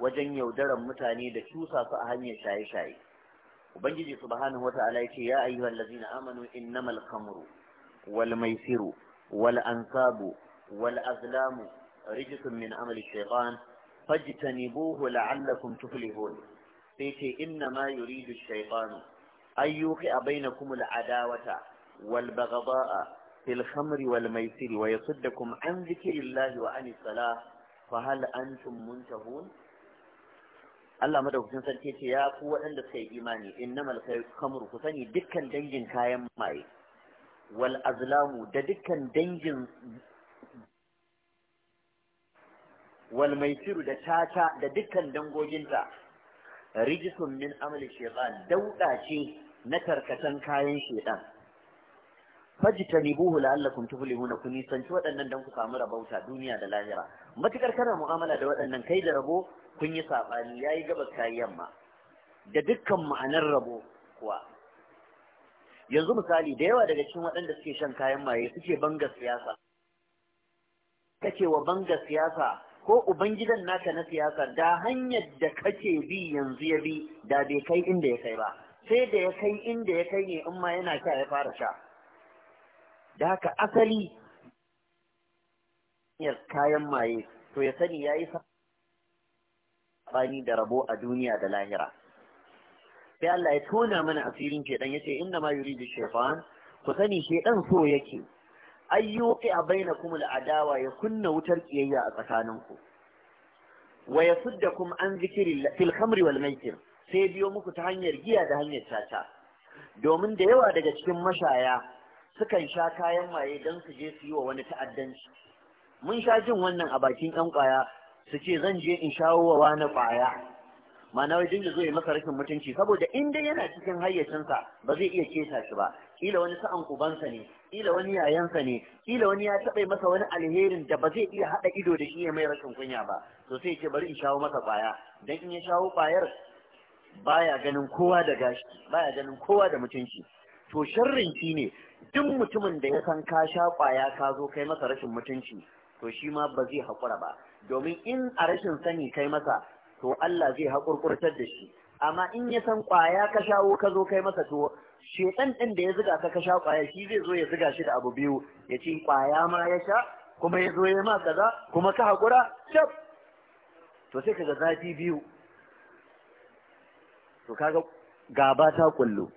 wajen yaudaran mutane da cusa su a hanyar shaye-shaye ubangiji subhanahu wata'ala yace ya ayyuhal ladzina amanu innamal khamru wal maisiru wal ansabu wal azlamu rijsun min amali shaytan fajtanibuhu la'allakum tuflihun sai ce inna ma yuridu shaytanu an yuqi'a bainakum al adawata wal baghdha'a fil khamri wal maisiri wa yasuddakum an dhikrillahi wa anis salah fa hal antum muntahun Allah madaukakin sarki ce ya ku waɗanda suka yi imani innamal kamru ku sani dukkan dangin kayan maye wal azlamu da dukkan dangin wal maisiru da tata da dukkan dangoginta rijisun min amali shaytan dauda ce na tarkatan kayan shaytan fajtanibuhu la'allakum tuflihuna ku nisanci waɗannan dan ku samu rabauta duniya da lahira matukar kana mu'amala da waɗannan kai da rabo kun yi saɓani ya yi gabas ta yamma da dukkan ma'anar rabo kuwa yanzu misali da yawa daga cikin waɗanda suke shan kayan maye suke banga siyasa kake wa banga siyasa ko ubangidan naka na siyasa da hanyar da kake bi yanzu ya bi da bai kai inda ya kai ba sai da ya kai inda ya kai ne in ma yana sha ya fara sha da haka asali kayan maye to ya sani ya yi sa sabani da rabo a duniya da lahira sai Allah ya tona mana asirin dan yace inna ma yuridu shaytan ku sani dan so yake ayyuqi a baina kuma adawa ya kunna wutar ƙiyayya a tsakaninku wa yasuddakum an zikri fil khamri wal maisir sai biyo muku ta hanyar giya da hanyar caca domin da yawa daga cikin mashaya sukan sha kayan maye don su je su yi wa wani ta'addanci mun sha jin wannan a bakin yan kwaya su ce zan je in shawo wa wani ƙwaya ma'ana wai dinga zo ya maka rashin mutunci saboda in dai yana cikin hayyacinsa ba zai iya kesa shi ba kila wani sa'an ubansa ne kila wani yayansa ne Ƙila wani ya taɓa masa wani alherin da ba zai iya haɗa ido da shi ya mai rashin kunya ba to sai ce bari in shawo masa ƙwaya dan in ya shawo ƙwayar baya ganin kowa da ganin kowa da mutunci to sharrin shi ne duk mutumin da ya san ka sha ƙwaya ka zo kai masa rashin mutunci to shi ma ba zai haƙura ba domin in a rashin sani kai masa to Allah zai haƙurƙurtar da shi amma in ya san ƙwaya ka shawo ka zo kai masa to shedan ɗin da ya ziga ka ka sha ƙwaya shi zai zo ya ziga shi da abu biyu ya ce ƙwaya ma ya sha kuma ya zo ya ma kaza kuma ka haƙura shaf to sai kaga zafi biyu to kaga gaba ta kullu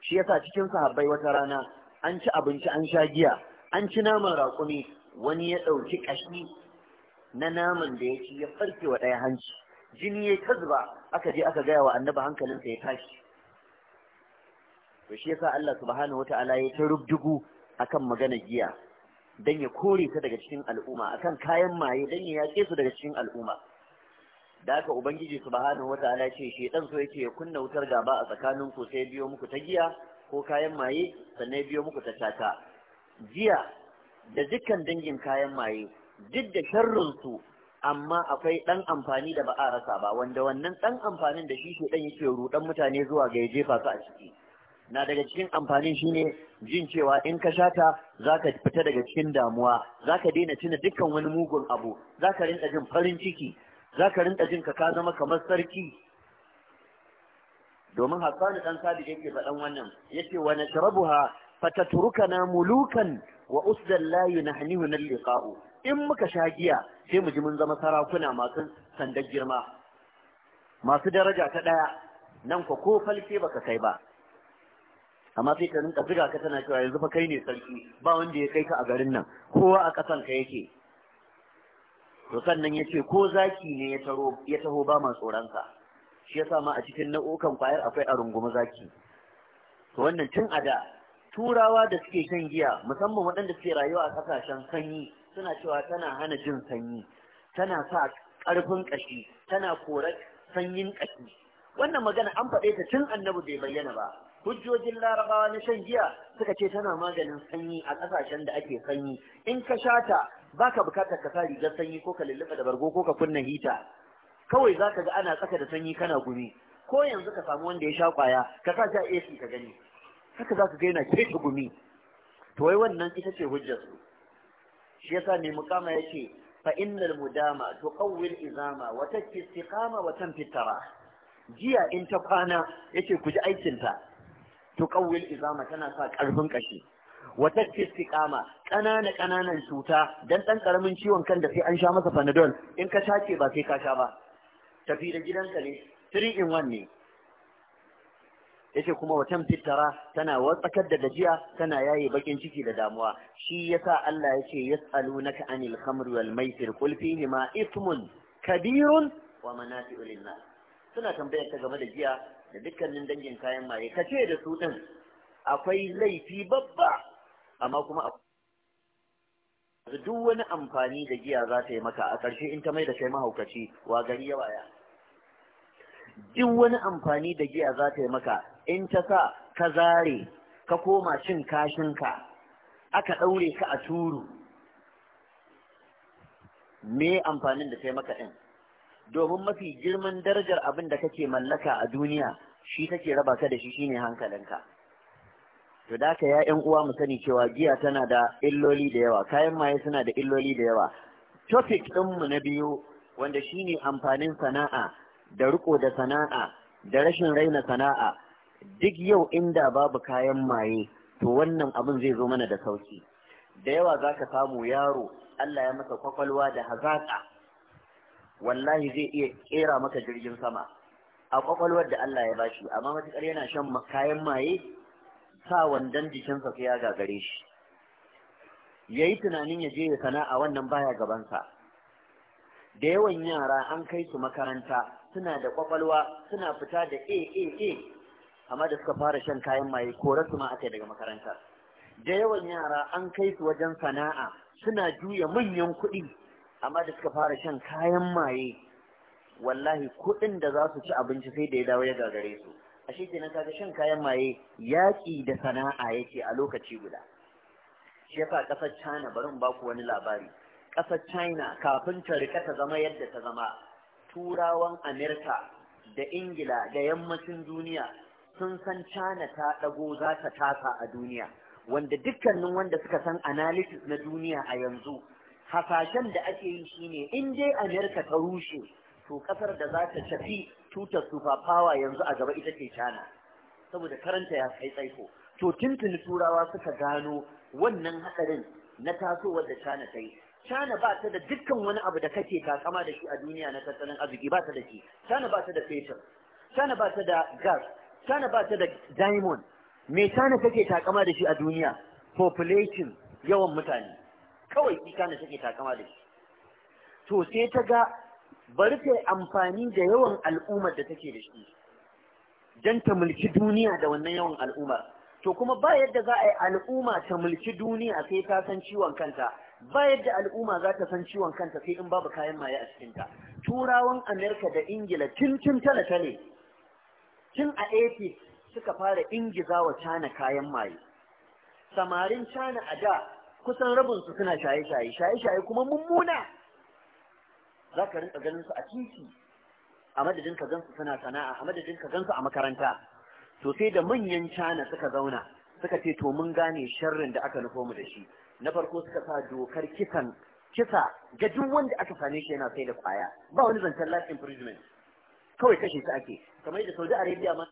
shi yasa cikin sahabbai wata rana an ci abinci an sha giya an ci naman raƙumi wani ya ɗauki ƙashi na naman da ya ci ya farke wa ɗaya hanci jini ya ta zuba aka je aka gaya wa annaba hankalinsa ya tashi to shi yasa Allah subhanahu wata'ala ya ta rubdugu akan magana giya dan ya kore ta daga cikin al'umma akan kayan maye dan ya yake su daga cikin al'umma da haka ubangiji subhanahu wata'ala ce shi ɗan so yake ya kunna wutar gaba a tsakanin ku sai biyo muku ta giya ko kayan maye sannan biyo muku ta tata giya da dukkan dangin kayan maye duk da sharrinsu amma akwai ɗan amfani da ba a rasa ba wanda wannan ɗan amfanin da shi ɗan yake ruɗan mutane zuwa ga ya jefa su a ciki na daga cikin amfanin shine jin cewa in ka shata ka fita daga cikin damuwa za ka daina tuna dukkan wani mugun abu za ka rinda jin farin ciki za ka rinda jin ka ka zama kamar sarki domin Hassanu dan sabi yake faɗan wannan yace wa nashrabuha fatatrukana mulukan wa usdan la yunahnihu al-liqa'u in muka sha giya sai mu ji mun zama sarakuna masu sandar girma masu daraja ta ɗaya nan ko ko falke baka kai ba amma sai ka rinka buga ka tana cewa yanzu fa kai ne sarki ba wanda ya kai ka a garin nan kowa a ƙasan ka yake to sannan ya ko zaki ne ya taho ba ma tsoronka shi yasa ma a cikin nau'ukan kwayar akwai a runguma zaki to wannan tun a da turawa da suke shan giya musamman waɗanda suke rayuwa a ƙasashen sanyi suna cewa tana hana jin sanyi tana sa karfin ƙashi tana korar sanyin ƙashi wannan magana an faɗe ta tun annabi bai bayyana ba hujjojin larabawa na shan giya suka ce tana maganin sanyi a ƙasashen da ake sanyi in ka sha ta baka bukatar ka sa rigar sanyi ko ka lulluɓa da bargo ko ka kunna hita kawai zaka ga ana tsaka da sanyi kana gumi ko yanzu ka samu wanda ya sha kwaya ka sa a AC ka gani haka zaka ga yana keke gumi to wai wannan ita ce hujjar su shi yasa mai mukama yake fa innal mudama tuqawwil izama wa takfi istiqama wa tanfi jiya in ta kwana yace ku ji aikin ta tuqawwil izama tana sa karfin kashi wa takfi istiqama kanana kananan cuta dan dan karamin ciwon kan da sai an sha masa panadol in ka tace ba sai ka sha ba tafi da gidanka ne 3 in 1 ne yace kuma watan fitara tana watsakar da gajiya tana yaye bakin ciki da damuwa shi yasa Allah yace yas'alunaka anil khamri wal maisir qul fihi ma ithmun kabirun wa manafi'u lin nas suna tambayar ta game da giya da dukkanin dangin kayan maye kace da su din akwai laifi babba amma kuma duk wani amfani da giya za ta yi maka a ƙarshe in ta mai da kai mahaukaci wa gari ya duk wani amfani da giya za ta yi maka in ta sa ka zare ka koma cin kashinka aka ɗaure ka a turu me amfanin da sai maka ɗin domin mafi girman darajar abin da kake mallaka a duniya shi take raba ka da shi shine hankalinka to da ka ya uwa mu sani cewa giya tana da illoli da yawa kayan maye suna da illoli da yawa topic ɗinmu na biyu wanda shine amfanin sana'a da riko da sana'a da rashin raina sana'a duk yau inda babu kayan maye to wannan abin zai zo mana da sauki da yawa za ka samu yaro Allah ya masa kwakwalwa da hazaƙa wallahi zai iya ƙera maka jirgin sama a kwakwalwar da Allah ya bashi amma matuƙar yana shan kayan maye sa wandan jikinsa sai ya gagare shi Yayi tunanin ya je ya sana'a wannan baya gabansa da yawan yara an kai su makaranta suna da kwakwalwa suna fita da a a a amma da suka fara shan kayan maye ko su ma aka daga makaranta. da yawan yara an kai su wajen sana'a suna juya manyan kuɗi amma da suka fara shan kayan maye wallahi kuɗin da za su ci abinci sai da ya dawo ya gagare su ashe kenan kaga shan kayan maye yaƙi da sana'a yake a lokaci guda shi yasa ƙasar China bari in baku wani labari ƙasar China kafin ta rika ta zama yadda ta zama turawan Amerika da Ingila da yammacin duniya sun san China ta ɗago za ta tasa a duniya wanda dukkanin wanda suka san analysis na duniya a yanzu hasashen da ake yi shine in dai America ta rushe to kasar da za ta tafi tutar superpower yanzu a gaba ita ce Cana saboda karanta ya kai tsaiko to tuntuni turawa suka gano wannan hadarin na tasowar da China ta yi China ba ta da dukkan wani abu da kake takama da shi a duniya na tattalin arziki ba ta da shi China ba ta da fetur China ba ta da gas kana ba ta da diamond me tana take takama da shi a duniya population yawan mutane kawai shi take takama da shi to sai ta ga bari ta amfani da yawan al'ummar da take da shi don ta mulki duniya da wannan yawan al'ummar to kuma ba yadda za a yi al'umma ta mulki duniya sai ta san ciwon kanta ba yadda al'umma za ta san ciwon kanta sai in babu kayan maye a cikinta turawan amerika da ingila tun tun tale tale tun a 80 suka fara ingiza wa cana kayan maye samarin cana a da kusan rabinsu suna shaye-shaye shaye-shaye kuma mummuna za ka rinka ganin su a titi a madadin ka gansu suna sana'a a madadin ka gansu a makaranta to sai da manyan cana suka zauna suka ce to mun gane sharrin da aka nufo mu da shi na farko suka sa dokar kisan kisa ga duk wanda aka same shi yana sai da kwaya ba wani zancen life imprisonment kawai kashe su ake kamar da Saudi Arabia ma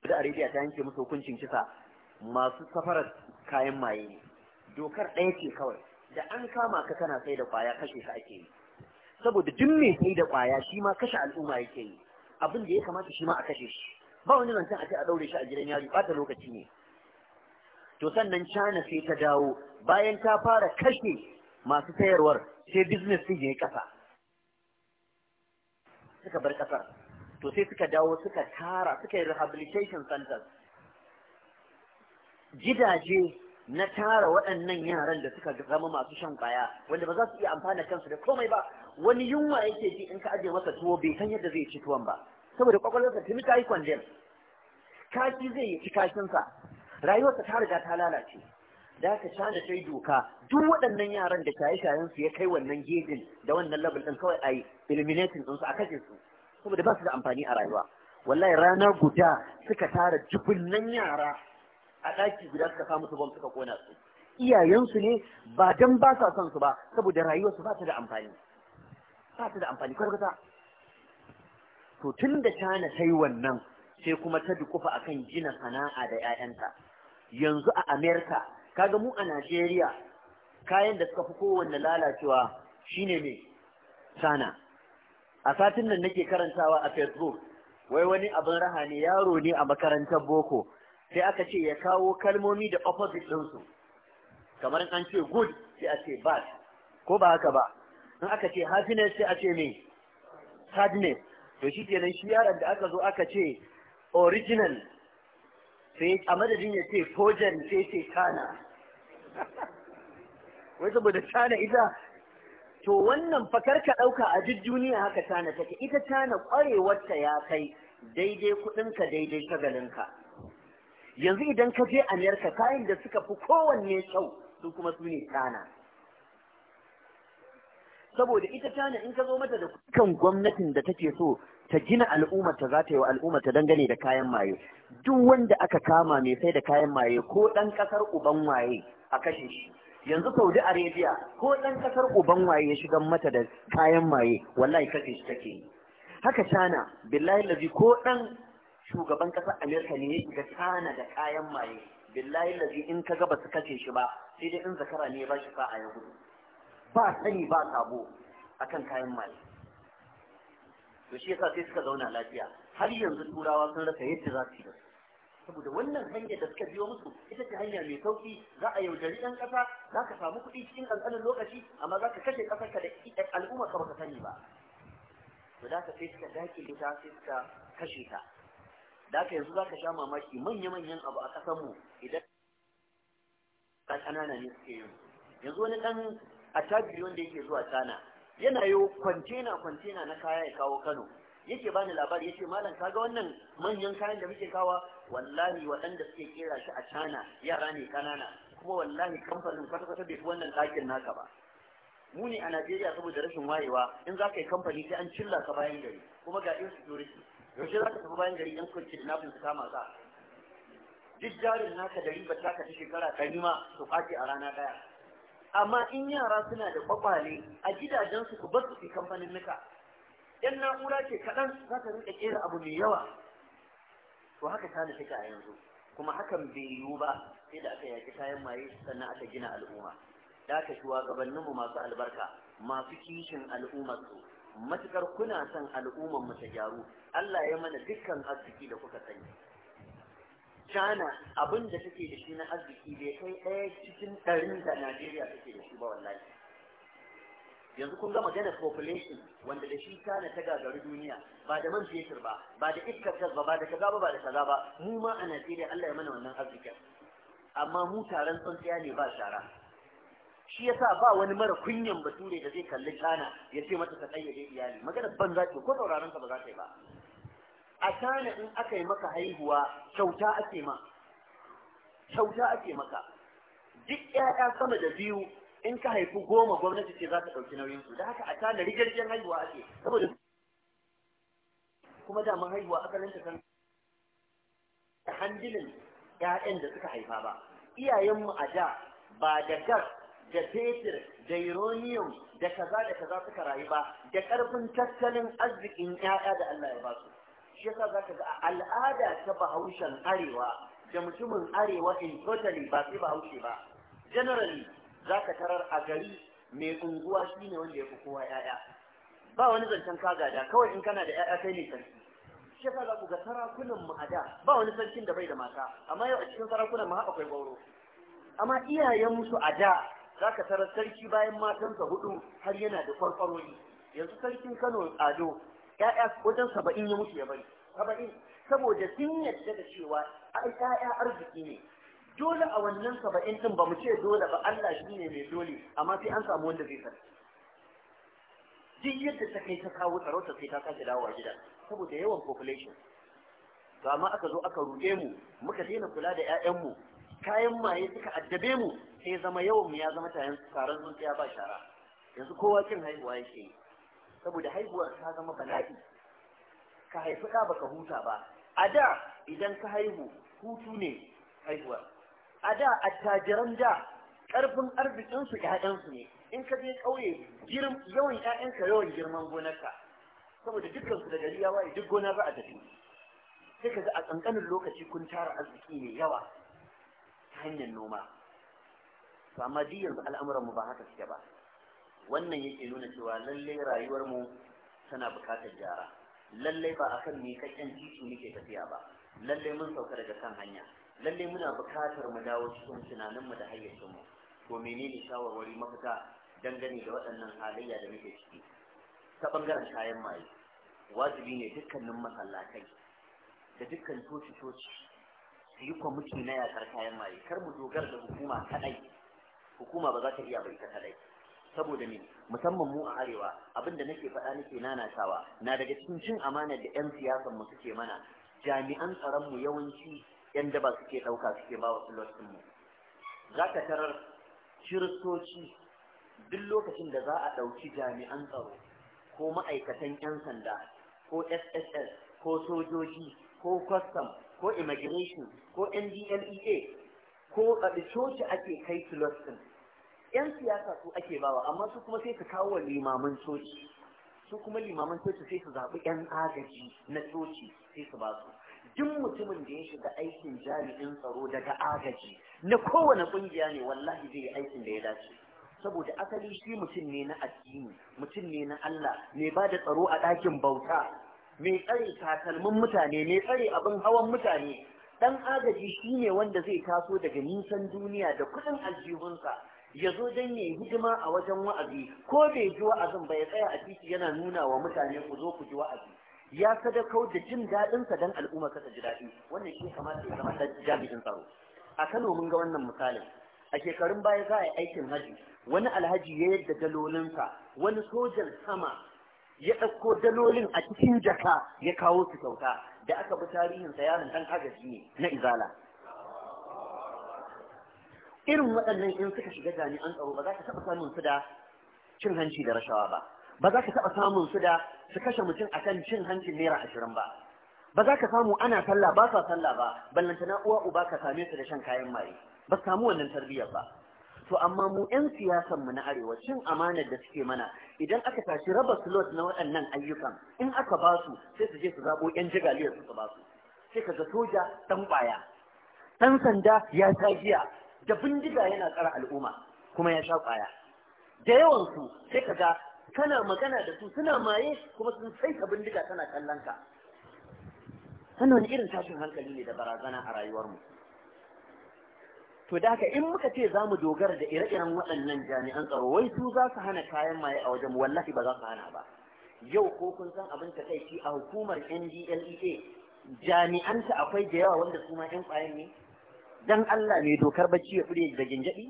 Saudi Arabia ta yanke musu hukuncin kisa masu safarar kayan maye ne dokar ɗaya ce kawai da an kama ka kana sai da kwaya kashe ka ake yi saboda duk mai sai da kwaya shi ma kashe al'umma yake yi abin da ya kamata shi ma a kashe shi ba wani zancen a ce a daure shi a gidan yari ɓata lokaci ne to sannan China sai ta dawo bayan ta fara kashe masu sayarwar sai business din ya kasa suka bar kasar to sai suka dawo suka tara suka yi rehabilitation centers gidaje na tara waɗannan yaran da suka zama masu shan kwaya wanda ba za su iya amfana kansu da komai ba wani yunwa yake ji in ka aje masa tuwo bai san yadda zai ci tuwon ba saboda kwakwalwarsa sa ta yi kwandem kashi zai yi ci rayuwarsa ta riga ta lalace da aka shana sai doka duk waɗannan yaran da shaye-shayen su ya kai wannan gejin da wannan level din kawai a eliminating ɗinsu a kashe su saboda ba su da amfani a rayuwa wallahi rana guda suka tara jubunnan yara a ɗaki guda suka samu su bom suka kona su iyayensu ne ba dan ba sa son su ba saboda rayuwarsu ba ta da amfani ba ta da amfani kwarkwata to tun da cana ta yi wannan sai kuma ta dukufa akan gina sana'a da 'ya'yanta yanzu a amerika kaga mu a Najeriya kayan da suka fi kowanne lalacewa shine ne sana a satin nan nake karantawa a Facebook wai wani abin raha ne yaro ne a makarantar boko sai aka ce ya kawo kalmomi da opposite ɗinsu kamar an ce good sai a ce bad ko ba haka ba in aka ce happiness sai a ce me sadness to shi kenan shi yaron da aka zo aka ce original sai a madadin ya ce fojan sai ce kana wai saboda tana ita to wannan fakar ka ɗauka a duk duniya haka cana take ita cana ƙwarewarta ya kai daidai kuɗinka daidai shagalinka yanzu idan ka je amerika kayan da suka fi kowanne kyau su kuma su ne cana saboda ita cana, in ka zo mata da kan gwamnatin da take so ta gina al'ummar ta za ta yi wa al'ummar ta dangane da kayan maye duk wanda aka kama mai sai da kayan maye ko dan kasar uban waye a kashe shi yanzu Saudi Arabia ko dan kasar uban waye ya shigan mata da kayan maye wallahi kashe shi take haka tana billahi lazi ko dan shugaban kasar Amurka ne ya shiga Cana da kayan maye billahi lazi in ka ga ba su kashe shi ba sai dai in zakara ne ya ba shi fa a yahudu ba sani ba sabo akan kayan mali to shi yasa sai suka zauna lafiya har yanzu turawa sun rasa yadda za su yi da su saboda wannan hanyar da suka biyo musu ita ce hanya mai sauki za a yaudari ɗan ƙasa za ka samu kuɗi cikin ƙanƙanin lokaci amma za ka kashe ƙasarka da al'ummar ka baka sani ba to da ka sai suka dakile ta sai suka kashe ta da ka yanzu za ka sha mamaki manya-manyan abu a ƙasarmu idan ƙanana ne suke yin yanzu wani ɗan a tabi wanda yake zuwa cana, yana yo kwantena kwantena na kaya ya kawo Kano yake bani labari yake malam kaga wannan manyan kayan da muke kawa wallahi waɗanda suke kera shi a cana yara ne kanana kuma wallahi kamfanin kwata-kwata bai fi wannan ɗakin naka ba mu ne a Najeriya saboda rashin wayewa in za ka yi kamfani sai an cilla ka bayan gari kuma ga insecurity yaushe za ka tafi bayan gari yan kwanci da nafin su kama ka duk jarin naka da riba taka ta shekara ɗari ma su kwace a rana ɗaya amma in yara suna da kwakwale a gidajensu ku basu su kamfanin nuka yan na'ura ce kaɗan za ta rinka ƙera abu mai yawa to haka ta da take a yanzu kuma hakan bai yiwu ba sai da aka yaki kayan maye sannan aka gina al'umma da aka gabaninmu masu albarka masu kishin al'ummarsu matukar kuna son al'ummar mu ta gyaru Allah ya mana dukkan arziki da kuka sani cana abin da take da shi na arziki bai kai ɗaya cikin ɗarin da Najeriya take da shi ba wallahi. Yanzu kun gama maganar population wanda da shi cana ta gagari duniya ba da man fetur ba, ba da iskar kasba, ba, ba da kaza ba, ba da kaza ba, mu ma a Najeriya Allah ya mana wannan arzikin. Amma mu taron tsantsiya ne ba shara. Shi yasa ba wani mara kunyan bature da zai kalli tsana ya ce mata ta kayyade iyali. Maganar ban zaki ko sauraron ka ba za ta yi ba. a tana in aka yi maka haihuwa kyauta ake ma kyauta ake maka duk ƴaƴa sama da biyu in ka haifi goma gwamnati ce za ta ɗauki nauyin su da haka a tana rigarjen haihuwa ake saboda kuma daman haihuwa asalin ta san da handilin ƴaƴan da suka haifa ba iyayenmu a da ba da gas da fetur da uranium da kaza da kaza suka rayu ba da ƙarfin tattalin arzikin ƴaƴa da Allah ya ba su shi yasa zaka ga al'ada ta bahaushen arewa da mutumin arewa in totally ba sai bahaushe ba generally ka tarar a gari mai unguwa shine wanda ya fi kowa yaya ba wani zancen kaga da, kawai in kana da yaya kai ne sarki shi za ku ga sarakunan mu a da ba wani sarkin da bai da mata amma yau a cikin sarakunan mu akwai gauro amma iyayen musu a da za ka tarar sarki bayan matansa hudu har yana da kwarkwarori yanzu sarkin Kano Ado ya'ya wajen saba'in ya mutu ya bari saba'in saboda sun yadda da cewa ai ya'ya arziki ne dole a wannan saba'in din ba mu ce dole ba Allah shi ne mai dole amma sai an samu wanda zai sani. duk yadda ta kai ta kawo tsarauta sai ta sake dawowa gida saboda yawan population to amma aka zo aka ruɗe mu muka daina kula da 'ya'yanmu kayan maye suka addabe mu sai zama yawan mu ya zama taron tsaya ba shara yanzu kowa kin haihuwa yake yi saboda haihuwar ta zama bala'i ka haifi ba baka huta ba a da idan ka haihu hutu ne haihuwar a da attajiran da ƙarfin arzikinsu ‘ya'yansu ne in ka je ƙauye yawan ‘ya'yanka yawan girman gonarka saboda dukkansu da gari ya waye duk gona ba a tafi sai ka ga a ƙanƙanin lokaci kun tara arziki mai yawa ta hanyar noma to amma yanzu al'amuranmu ba haka suke ba wannan yake nuna cewa lallai rayuwar mu tana bukatar gyara lallai ba akan ne kakken titi muke tafiya ba lallai mun sauka daga kan hanya lallai muna bukatar mu dawo cikin tunanin mu da hayyacin mu to menene shawarwari mafita dangane da waɗannan halayya da muke ciki ta bangaren kayan maye wajibi ne dukkanin masallatai da dukkan toci-toci su yi kwamiti na yakar kayan maye kar mu dogara da hukuma kaɗai hukuma ba za ta iya bai ta kadai saboda ne musamman mu a arewa abinda nake faɗa nake nanatawa na daga cikin cin amana da 'yan siyasan mu suke mana jami'an tsaron mu yawanci 'yan daba suke ɗauka suke ba wa mu za ka tarar kiristoci duk lokacin da za a ɗauki jami'an tsaro ko ma'aikatan 'yan sanda ko sss ko sojoji ko custom ko immigration ko ndlea ko a ake kai sulotin yan siyasa su ake bawa amma su kuma sai su kawo limaman coci su kuma limaman coci sai su zaɓi yan agaji na coci sai su ba su duk mutumin da ya shiga aikin jami'in tsaro daga agaji na kowane ƙungiya ne wallahi zai yi aikin da ya dace saboda asali shi mutum ne na addini mutum ne na Allah mai ba da tsaro a ɗakin bauta mai tsare takalmin mutane mai tsare abin hawan mutane Ɗan agaji shi ne wanda zai taso daga nisan duniya da kuɗin aljihunsa ya zo don ya yi hidima a wajen wa'azi ko bai ji wa'azin ba ya tsaya a titi yana nuna wa mutane ku zo ku ji wa'azi ya sadakau da jin daɗinsa don al'umma kasa ji daɗi wannan shi kamata ya zama jami'in tsaro a kano mun ga wannan misalin a shekarun baya za a yi aikin haji wani alhaji ya yadda dalolinsa wani sojan sama ya ɗauko dalolin a cikin jaka ya kawo su kyauta da aka bi tarihinsa yaron ɗan agaji ne na izala irin waɗannan in suka shiga jami'an tsaro ba za ka taɓa samun su da cin hanci da rashawa ba ba za ka taɓa samun su da su kashe mutum akan cin hancin naira ashirin ba ba za ka samu ana sallah ba sa sallah ba ballanta na uwa uba ka same su da shan kayan maye ba su samu wannan tarbiyyar ba to amma mu yan siyasan mu na arewa cin amanar da suke mana idan aka tashi raba slot na waɗannan ayyukan in aka ba su sai su je su zabo yan jigaliyar su ba su sai ka ga soja dan kwaya dan sanda ya sa giya da bindiga yana tsara al'umma kuma ya sha kwaya da yawan su sai ka ga kana magana da su suna maye kuma sun sai ka bindiga tana kallon ka sannan wani irin tashin hankali ne da barazana a rayuwarmu to da haka in muka ce za mu dogara da ire-iren waɗannan jami'an tsaro wai su za su hana kayan maye a wajen wallahi ba za su hana ba yau ko kun san abin ta kai a hukumar NDLEA jami'anta akwai da yawa wanda su ma 'yan ƙwayan ne dan Allah mai dokar bacci ya fure da gingaɗi,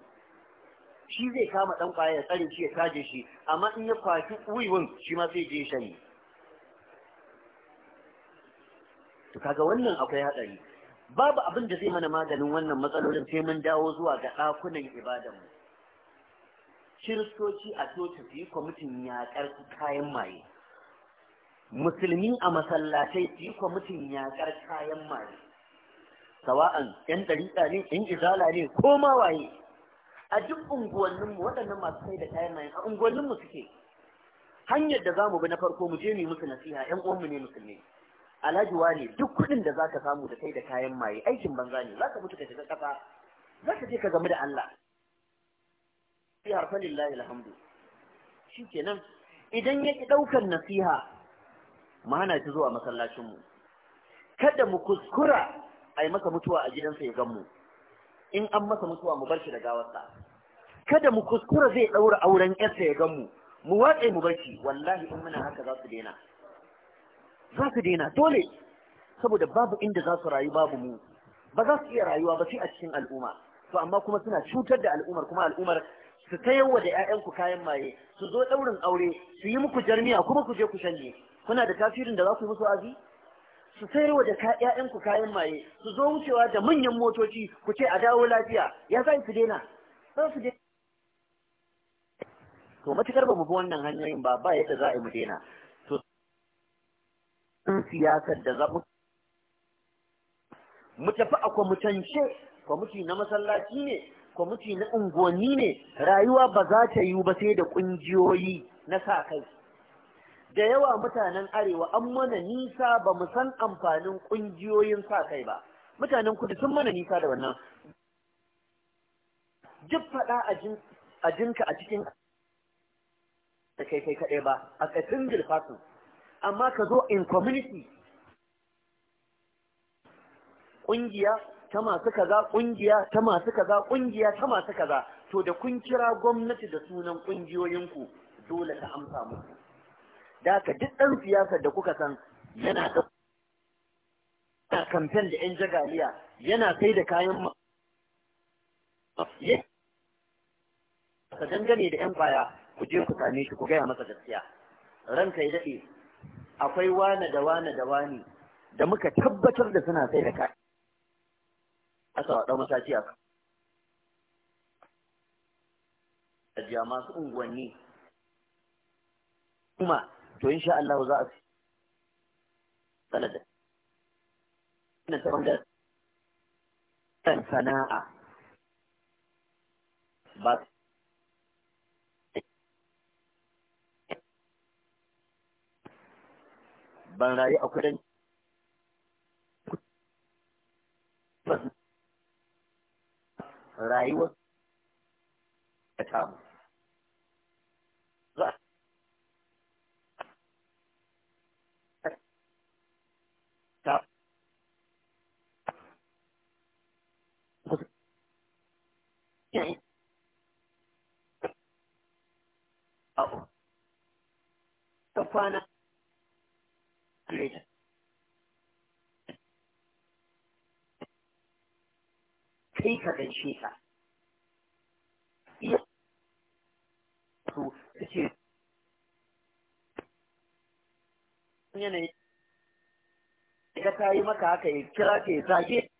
shi zai kama ɗan ƙwaya ya tsare shi ya kaje shi amma in ya kwashi wiwin shi ma sai je shani to kaga wannan akwai haɗari babu abin da zai mana maganin wannan matsalolin sai mun dawo zuwa ga ɗakunan mu kiristoci a coci su yi kwamitin yaƙar kayan maye musulmi a masallatai su yi kwamitin yaƙar kayan maye sawa'an yan ɗariƙa ne yan izala ne ko ma waye a duk unguwanninmu waɗannan masu kai da kayan mayan a unguwanninmu suke hanyar da za mu bi na farko mu je mu yi musu nasiha yan uwanmu ne musulmi alhaji wane duk kuɗin da za ka samu da kai da kayan maye aikin banza ne za ka mutu ka shiga ƙasa za ka je ka gamu da Allah fi harfalillahi alhamdu shi kenan idan ya ƙi ɗaukar nasiha mu hana shi zuwa masallacinmu kada mu kuskura ai masa mutuwa a gidansa ya gamu in an masa mutuwa mu bar shi da gawarsa kada mu kuskura zai daura auren yarsa ya gamu mu wace mu bar wallahi in muna haka za su daina za su daina dole saboda babu inda za su rayu babu mu ba za su iya rayuwa ba sai a cikin al'umma to amma kuma suna cutar da al'ummar kuma al'ummar su ta yawa da 'ya'yanku kayan maye su zo ɗaurin aure su yi muku jarmiya kuma ku je ku shanye kuna da tasirin da za ku yi musu azi su sayarwa da ƴaƴanku kayan maye su zo wucewa da manyan motoci ku ce a dawo lafiya ya za su daina za su daina to matukar ba mu bi wannan hanyoyin ba ba yadda za a yi mu daina to siyasar da za mu tafi a kwamitance kwamiti na masallaci ne kwamiti na unguwanni ne rayuwa ba za ta yiwu ba sai da ƙungiyoyi na sa kai da yawa mutanen arewa an mana nisa ba mu san amfanin ƙungiyoyin sa kai ba mutanen kudu sun mana nisa da wannan duk faɗa a jinka a cikin da kai kai kaɗai ba a ƙasin gilfasin amma ka zo in community ƙungiya ta masu kaza ƙungiya ta masu kaza ƙungiya ta masu kaza to da kun kira gwamnati da sunan ƙungiyoyinku dole ta amsa muku da duk ɗan siyasar da kuka san yana da kamfen da 'yan jagaliya yana sai da kayan ma ka dangane da 'yan baya ku je ku same shi ku gaya masa gaskiya ranka ya daɗe akwai wane da wane da wani da muka tabbatar da suna sai da kayan aka waɗa mataki a kan masu unguwanni kuma تو ان شاء الله ذات بلده تن فناء بات بان راي او كدن راي و تمام Okay. Oh. So far, Peter bin Schiefer. Who is you? ne ka ta yi maka haka ya kira ka ya zage.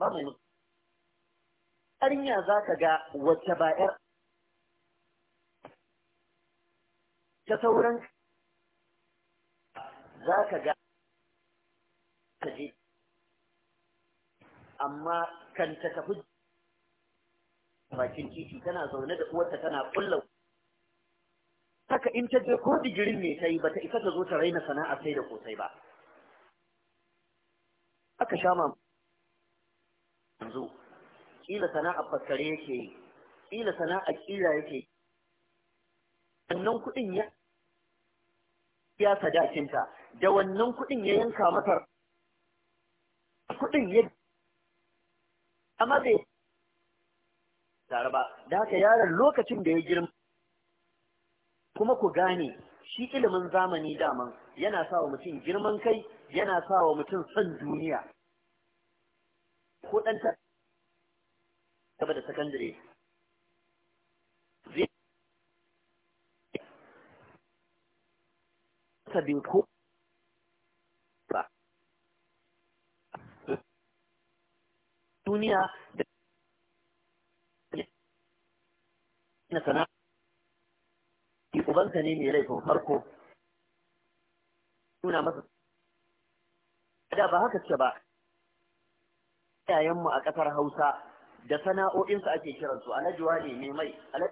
Ba ƙarya za ka ga wacce ba ‘yar ta sauran za ka ga ka je amma kan ta tafi bakin titi tana zaune da uwarta tana kullum. haka in ta je ko digirin ne ta yi ba ta isa ta zo ta raina sana'a sai da kosai ba aka sha mamu yanzu kila sana'a fassare yake yi kila sana'a kila yake wannan kuɗin ya ya sadakinta da wannan kuɗin ya yanka mata kuɗin ya amma bai tare ba da haka yaron lokacin da ya girma kuma ku gane shi ilimin zamani daman yana sa wa mutum girman kai yana sa wa mutum son duniya ko ɗan كبد السكندري زي سبيوتكو دنيا نسنا يقبل سنين إليه مركو دون مصر هذا بهاك الشباب يا يمو أكثر هوسا da sana'o'insu ake kiransu alhaji ne mai mai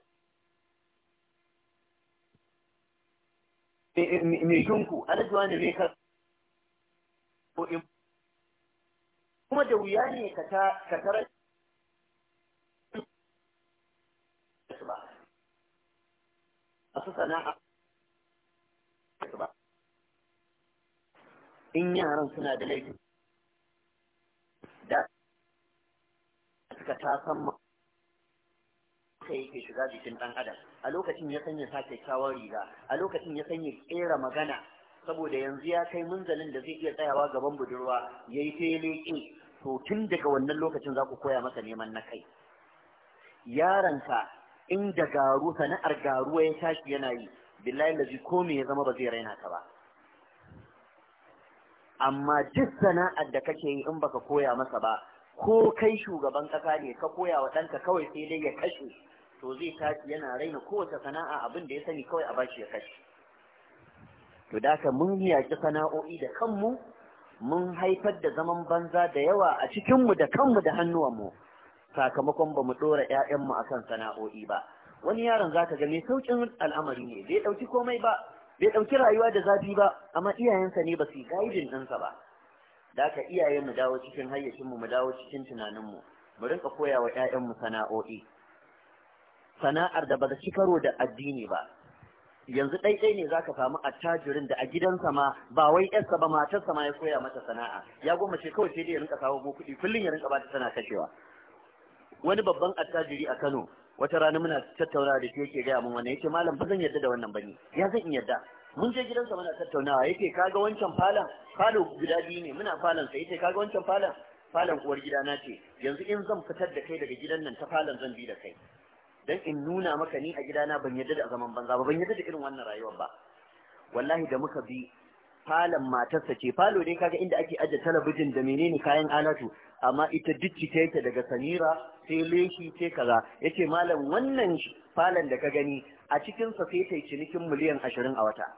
ne shinku mai kuma da wuya ne ka sana'a in yaran suna da laifin. suka tasan ma sai yake shiga jikin ɗan adam a lokacin ya sanya sa kyakkyawar riga a lokacin ya sanya tsera magana saboda yanzu ya kai munzalin da zai iya tsayawa gaban budurwa ya yi fele to tun daga wannan lokacin za ku koya masa neman na kai yaranka in garu sana'ar garuwa ya tashi yana yi billahi lazi ko me ya zama ba zai raina ka ba amma duk sana'ar da kake yi in baka koya masa ba ko kai shugaban kasa ne ka koya wa ɗanka kawai sai dai ya kashe to zai tashi yana raina kowace sana'a abin da ya sani kawai a bashi ya kashe to da haka mun yaƙi sana'o'i da kanmu mun haifar da zaman banza da yawa a cikinmu da kanmu da hannuwanmu sakamakon ba mu ɗora ‘ya'yanmu a kan sana'o'i ba wani yaron za ka ga mai sauƙin al'amari ne bai ɗauki komai ba bai ɗauki rayuwa da zafi ba amma iyayensa ne ba su yi gaidin ɗinsa ba da ka iyaye mu dawo cikin hayyacinmu mu dawo cikin tunanin mu mu rinka koya wa mu sana'o'i sana'ar da ba ta ci karo da addini ba yanzu ɗai ne za ka samu attajirin da a gidansa ma ba wai yarsa ba matarsa ma ya koya mata sana'a ya goma ce kawai sai dai ya rinka kawo go kuɗi kullum ya rinka bata tana kashewa wani babban attajiri a Kano wata rana muna tattauna da shi yake gaya mun wannan yace malam ba zan yarda da wannan bane ya zan yarda mun je gidansa muna tattaunawa yake kaga wancan falon falo guda biyu ne muna falon sa yake kaga wancan falon falon uwar na ce yanzu in zan fitar da kai daga gidan nan ta falon zan bi da kai dan in nuna maka ni a gidana ban yadda da zaman banza ba ban yadda da irin wannan rayuwar ba wallahi da muka bi falon matarsa ce falo ne kaga inda ake ajiye talabijin da menene kayan alatu amma ita dicci ta yake daga samira sai leshi sai kaza yace malam wannan falon da ka gani a cikin sa sai ta cinikin miliyan ashirin a wata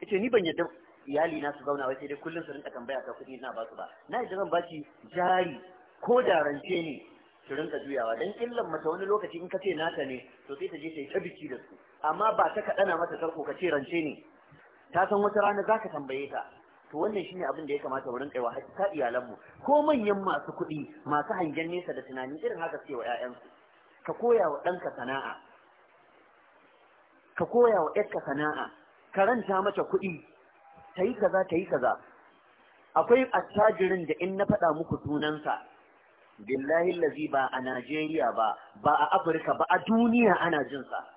yace ni ban yadda iyali na su zauna wai sai dai kullum su rinka tambaya ta kuɗi na ba su ba na yadda zan bashi jari ko da rance ne su rinka juyawa dan illan mata wani lokaci in ka ce nata ne to sai ta je ta yi ta biki da su amma ba ta kaɗana mata sarko ka ce rance ne ta san wata rana za ka tambaye ta to wannan shine abin da ya kamata wurin kaiwa iyalan iyalanmu ko manyan masu kuɗi masu hangen nesa da tunani irin haka suke wa 'ya'yansu ka koya wa ɗanka sana'a ka koya wa ƴarka sana'a karanta mata kuɗi ta yi kaza ta yi kaza akwai attajirin da in na faɗa muku sunansa billahi lazi ba a Najeriya ba ba a Afirka ba a duniya ana jinsa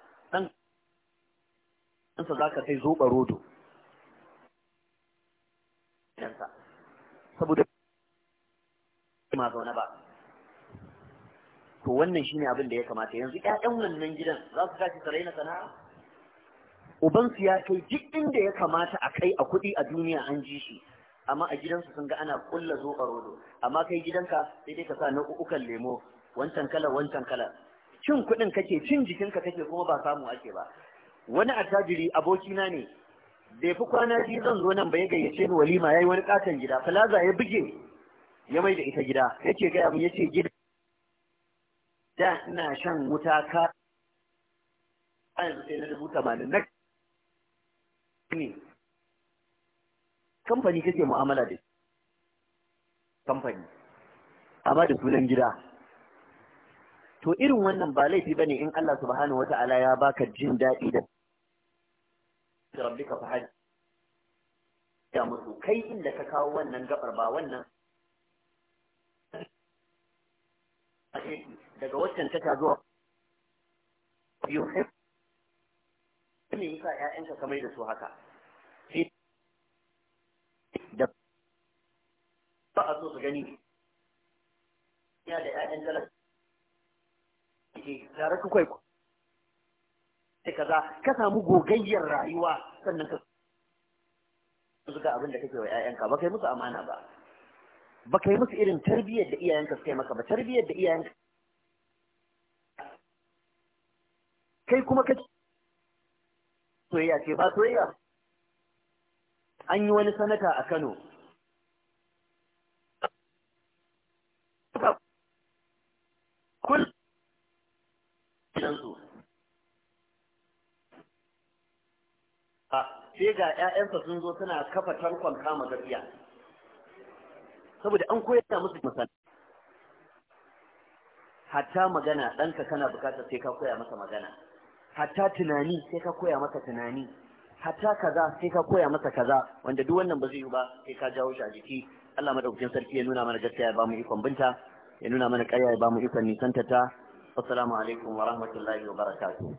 ƙasa sa ka kai zoɓa rodo saboda ma zaune ba to wannan shine abin da ya kamata yanzu 'ya'yan wannan gidan za su tashi su na sana'a ubansu ya kai duk inda ya kamata a kai a kuɗi a duniya an ji shi amma a gidansu sun ga ana ƙulla zo a rodo amma kai gidanka sai dai ka sa nau'ukan lemo wancan kala, wancan kala. cin kuɗin kake cin jikinka kake kuma ba samu ake ba wani attajiri abokina ne bai fi kwana biyu zan zo nan ba ya gayyace ni walima yayi wani katon gida plaza ya buge ya mai da ita gida yake gaya abin yace gida da ina shan wuta ka yanzu sai na dubu tamanin na ne kamfani kake mu'amala da kamfani amma da sunan gida to irin wannan ba laifi bane in Allah subhanahu wata'ala ya baka jin daɗi da rabbika fahad ya mutu kai inda ka kawo wannan gabar ba wannan daga waccan ta zuwa biyu ne yasa ƴaƴanka kamar da su haka ba a so su gani Ya da ƴaƴan talaka ke tare ku kwaiku sai kaza ka samu gogayyar rayuwa sannan ka zuga abin da kake wa ƴaƴanka ba kai musu amana ba ba kai musu irin tarbiyyar da iyayenka suka maka ba tarbiyyar da iyayenka kai kuma ka soyayya ce ba soyayya an yi wani sanata a Kano kun gidansu a sai ga ƴaƴansa sun zo suna kafa tarkon kama gaskiya saboda an koyar musu misali hatta magana ɗanka kana bukatar sai ka koya masa magana hatta tunani sai ka koya masa tunani hatta kaza sai ka koya masa kaza wanda duk wannan ba zai yi ba sai ka jawo shi a jiki Allah madaukakin sarki ya nuna mana gaskiya ya ba mu ikon binta ya nuna mana ƙarya ya ba mu ikon nisanta ta assalamu alaikum wa rahmatullahi wa barakatuh